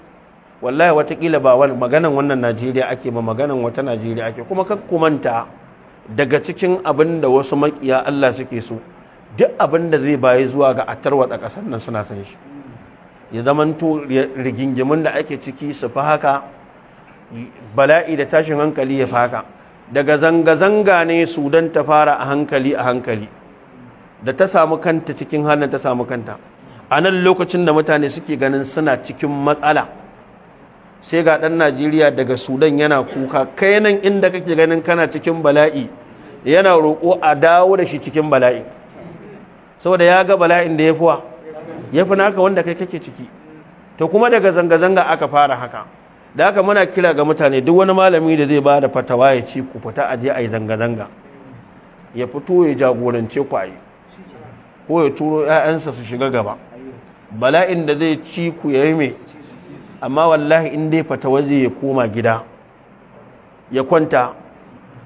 wallahi watakila ba wani maganan wannan najeriya ake ba maganan wata najeriya ake kuma kan kumanta daga cikin abin da wasu makiya allah suke so duk abin da zai bayi zuwa ga a tarwatsa ƙasar nan suna san shi ya zamanto rigingimin da ake ciki su fi haka bala'i da tashin hankali ya haka. daga zanga-zanga ne sudan ta fara a hankali a hankali da ta samu kanta cikin hannun ta samu kanta a nan lokacin da mutane suke ganin suna cikin matsala sai ga ɗan najeriya daga sudan yana kuka kai nan inda kake ganin kana cikin bala'i yana roƙo a dawo da shi cikin bala'i saboda ya ga bala'in da ya fuwa ya fi naka wanda kai kake ciki to kuma daga zanga-zanga aka fara haka da aka muna kira ga mutane duk wani malami da zai ba da fatawa ya ci ku fita aje a yi zanga-zanga ya fito ya jagorance ku ayi ko ya turo 'ya'yansa su shiga gaba bala'in da zai ci ku ya yi mai amma wallahi in dai fatawa zai ya koma gida ya kwanta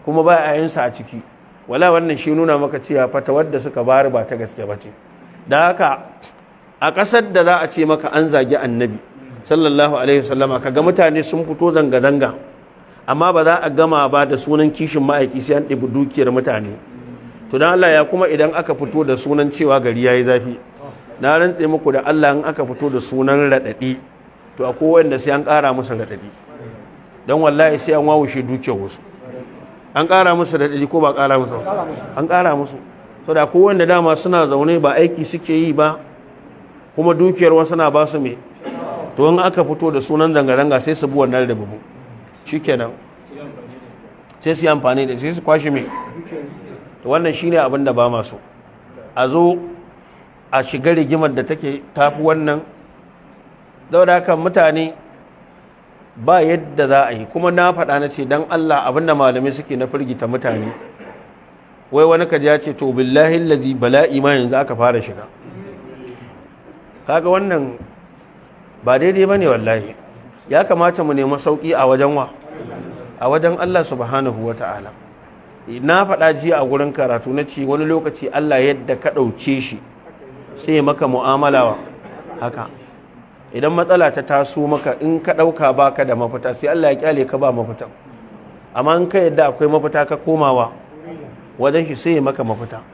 kuma ba 'ya'yansa a ciki wala wannan shi nuna maka cewa fatawar da suka bari ba ta gaske ba ce da haka a ƙasar da za a ce maka an zagi annabi sallallahu alaihi wasallama kaga mutane sun fito zanga-zanga amma ba za a gama ba da sunan kishin ma'aiki sai an ɗibi dukiyar mutane to don Allah ya kuma idan aka fito da sunan cewa gari ya yi zafi na rantse muku da Allah in aka fito da sunan raɗaɗi to a kowanda sai an ƙara musu raɗaɗi don wallahi sai an wawushe dukiyar wasu an ƙara musu raɗaɗi ko ba ƙara musu an ƙara musu saboda kowanda dama suna zaune ba aiki suke yi ba kuma dukiyar wasu na ba su me to in aka fito da sunan zanga-zanga sai su bi nan da ke nan sai su yi amfani da sai su kwashi me to wannan ne abin da ba masu a zo a shiga rigimar da take tafi wannan daura haka mutane ba yadda za a yi kuma na faɗa na ce don Allah abin da malamai suke na firgita mutane wai wani kaji ya ce to billahi lazi bala'i ma yanzu aka fara shiga kaga wannan ba daidai ba ne wallahi ya kamata mu nemi sauki a wajen wa a wajen Allah subhanahu wa ta'ala. na faɗa jiya a gurin karatu na ce wani lokaci Allah yadda ka ɗauke shi sai maka mu'amala wa haka idan matsala ta taso maka in ka ɗauka baka da mafita sai Allah ya kyale ka ba mafita amma in ka yadda akwai mafita ka komawa wajen shi sai maka mafita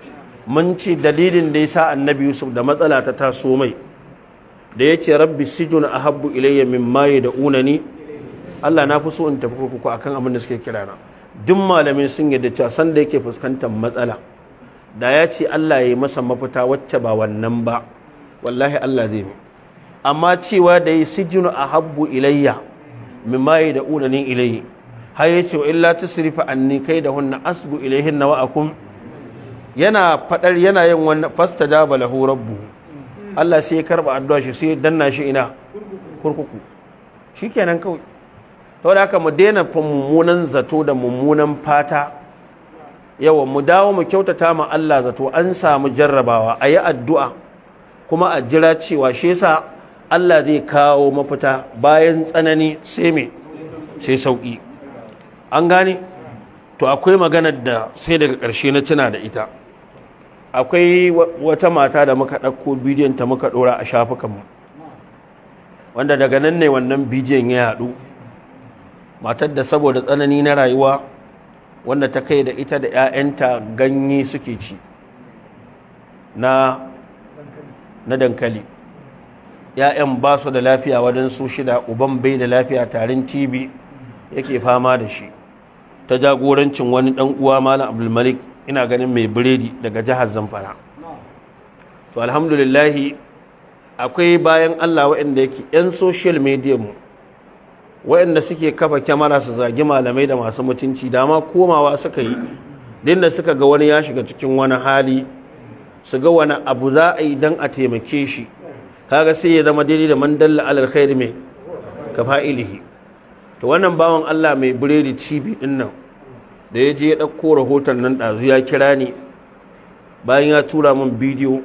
mun ce dalilin da ya sa annabi yusuf da matsala ta taso mai da ya ce rabbi sijun ahabbu ilayya da unani. Allah na fi so in tafi kurkuku akan abin da suke kirana. na duk malamin sun yadda cewa san da yake fuskantar matsala da ya ce Allah ya yi masa mafita wacce ba wannan ba wallahi Allah zai amma cewa da yi a ahabbu ilayya da unani ilayya har ce wa illa tusrifa anni hunna asbu ilayhin na wa'akun yana faɗar yana yin wannan fasta lahu rabbu Allah sai ya karba addu'a shi sai ya danna shi ina kurkuku shikenan kawai da haka mu daina mummunan zato da mummunan fata yawa mu dawo mu kyautata ma Allah zato an samu jarrabawa ayi addu'a kuma a jira cewa shi yasa Allah zai kawo mafita bayan tsanani sai me sai sauki an gane to akwai magana da sai daga ƙarshe na tuna da ita akwai wata mata da muka ɗauko bidiyon ta muka ɗora a shafukanmu wanda daga nan ne wannan bidiyon ya yaɗu matar da saboda tsanani na rayuwa wanda ta kai da ita da 'ya'yanta ganye suke ci na dankali 'ya'yan ba su da lafiya su shida uban bai da lafiya tarin tibi yake fama da shi ta jagorancin wani ɗan uwa malam abdulmalik ina ganin mai biredi daga jihar zamfara to alhamdulillahi akwai bayan allah waɗanda yake 'yan social media mu waɗanda suke kafa kyamara su zagi malamai da masu mutunci dama komawa suka yi din da suka ga wani ya shiga cikin wani hali su ga wani abu za a yi don a taimake shi kaga sai ya zama daidai da mandalla alal khair mai ka fa'ilihi to wannan bawan allah mai biredi cibi ɗin nan da ya je ya ɗauko rahoton nan ɗazu ya kira ni bayan ya tura min bidiyo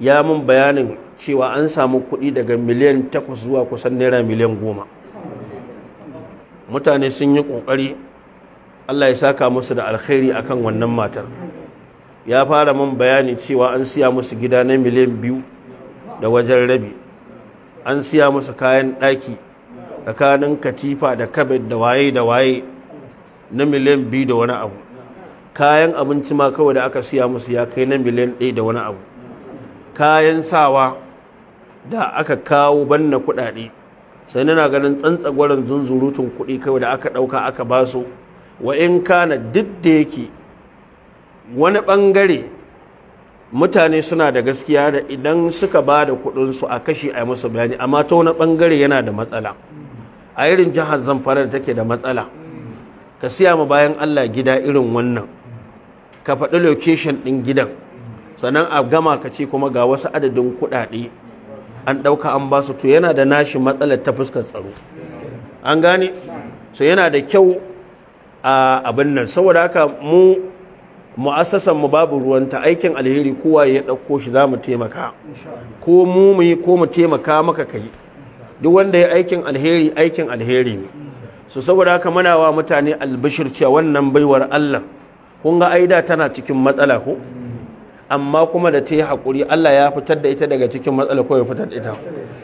ya min bayanin cewa an samu kuɗi daga miliyan takwas zuwa kusan naira miliyan goma mutane sun yi ƙoƙari allah ya saka musu da alkhairi akan wannan matar ya fara min bayani cewa an siya musu gida na miliyan biyu da wajen rabi an siya musu kayan ɗaki tsakanin katifa da kabet da waye da waye na miliyan biyu da wani abu kayan abinci ma kawai da aka siya musu ya kai na miliyan ɗaya da wani abu kayan sawa da aka kawo banna kuɗaɗe sai na ganin tsantsagwaron zunzurutun kuɗi kawai da aka ɗauka aka ba su wa in kana duk da yake wani bangare mutane suna da gaskiya da idan suka ba da kuɗinsu a kashi a musu bayani amma ta wani bangare yana da matsala a irin jihar zamfara da take da matsala ka siya ma bayan Allah gida irin wannan ka faɗi location ɗin gidan sannan a gama ka ce kuma ga wasu adadin kuɗaɗe an ɗauka an ba su to yana da nashi matsalar ta fuskar tsaro an gane so yana da kyau a abin nan saboda haka mu mu'assasan mu babu ruwan ta aikin alheri kowa ya ɗauko shi za mu taimaka ko mu mu yi ko mu taimaka maka kai duk wanda ya aikin alheri aikin alheri ne su saboda haka muna wa mutane albishir cewa wannan baiwar Allah kun ga aida tana cikin matsala ko amma kuma da ta yi haƙuri Allah ya fitar da ita daga cikin matsala ko ya fitar da ita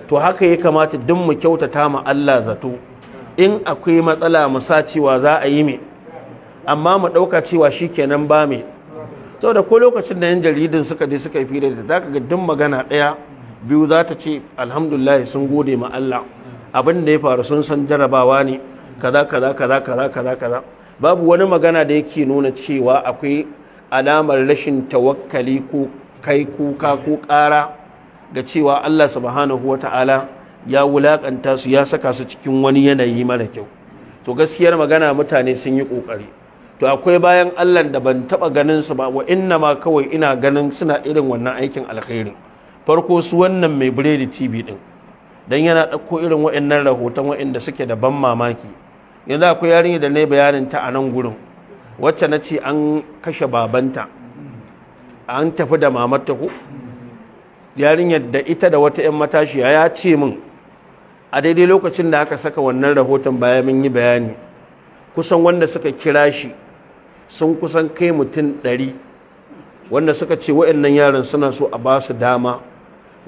to haka ya kamata duk mu kyautata ma Allah zato in akwai matsala mu sa cewa za a yi me amma mu ɗauka cewa shikenan ba me saboda ko lokacin da yan jaridun suka je suka yi fira da zaka ga duk magana ɗaya biyu za ta ce alhamdulillah sun gode ma Allah abin da ya faru sun san jarabawa ne kaza kaza kaza kaza kaza kaza babu wani magana da yake nuna cewa akwai alamar rashin tawakkali ko kai kuka ko ƙara ga cewa Allah subhanahu wata'ala ya wulakanta su ya saka su cikin wani yanayi mara kyau to gaskiyar magana mutane sun yi kokari to akwai bayan Allah da ban taba ganin su ba wa inna ma kawai ina ganin suna irin wannan aikin alkhairi farko su wannan mai biredi TV din dan yana dauko irin waannan rahoton waɗanda suke da ban mamaki yanzu akwai yarinya da na bayanin ta a nan gurin wacce na ce an kashe babanta an tafi da mamata ku yarinyar da ita da wata 'yan matashiya ya ce min a daidai lokacin da aka saka wannan rahoton bayan mun yi bayani kusan wanda suka kira shi sun kusan kai mutum 100 wanda suka ce wa'annan yaran suna so a ba su dama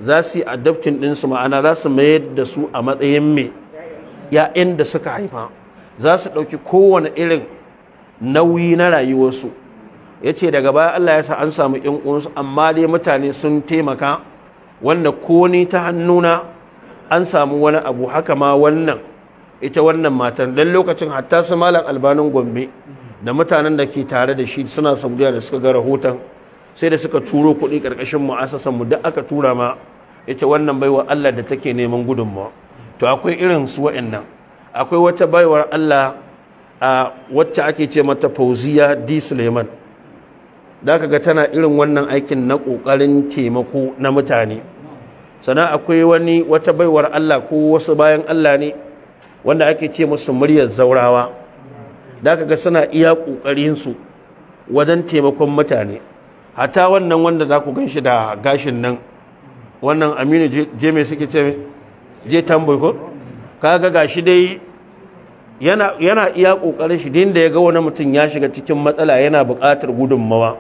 za su yi adaptin ɗinsu ma'ana za su mayar da su a matsayin mai ya'yan da suka haifa za su ɗauki kowane irin nauyi na rayuwarsu ya ce daga baya Allah ya sa an samu ƴan amma dai mutane sun taimaka wanda ko ni ta hannuna an samu wani abu haka ma wannan ita wannan matan dan lokacin hatta su malam albanin gombe da mutanen da ke tare da shi suna saudiya da suka ga rahoton sai da suka turo kuɗi ƙarƙashin mu'asasan mu duk aka tura ma ita wannan baiwa Allah da take neman gudunmawa to akwai irin su wa'annan akwai wata baiwar Allah a wacce ake ce mata Fauziya di Suleiman da kaga tana irin wannan aikin na kokarin taimako na mutane sannan akwai wani wata baiwar Allah ko wasu bayan Allah ne wanda ake ce musu muryar zaurawa da kaga suna iya kokarin su wajen taimakon mutane hata wannan wanda za ku ganshi da gashin nan wannan Aminu je suke ce je tamboy ko kaga gashi dai yana iya kokarin shi din da yaga wani mutum ya shiga cikin matsala yana buƙatar gudunmawa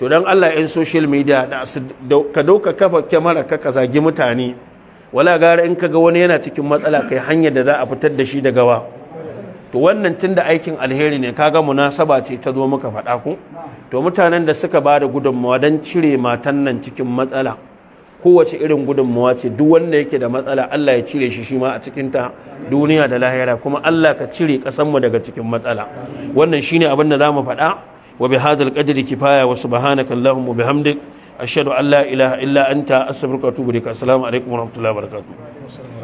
to dan Allah yan social media da ka dauka kafa kyamara ka ka zagi mutane wala gara in kaga wani yana cikin matsala kai hanyar da za a fitar da shi daga wa to wannan tunda aikin alheri ne kaga munasaba ce ta zo muka faɗa ku to mutanen da suka bada gudunmawa don cire matan nan cikin matsala kowace irin gudunmawa ce duk wanda yake da matsala Allah ya cire shi shi ma a cikin ta duniya da lahira kuma Allah ka cire kasanmu daga cikin matsala wannan shine abin da zamu faɗa wa bihadhal qadri kifaya wa subhanaka allahumma bihamdik ashhadu an la ilaha illa anta astaghfiruka wa atubu ilaik assalamu alaikum wa rahmatullahi wa barakatuh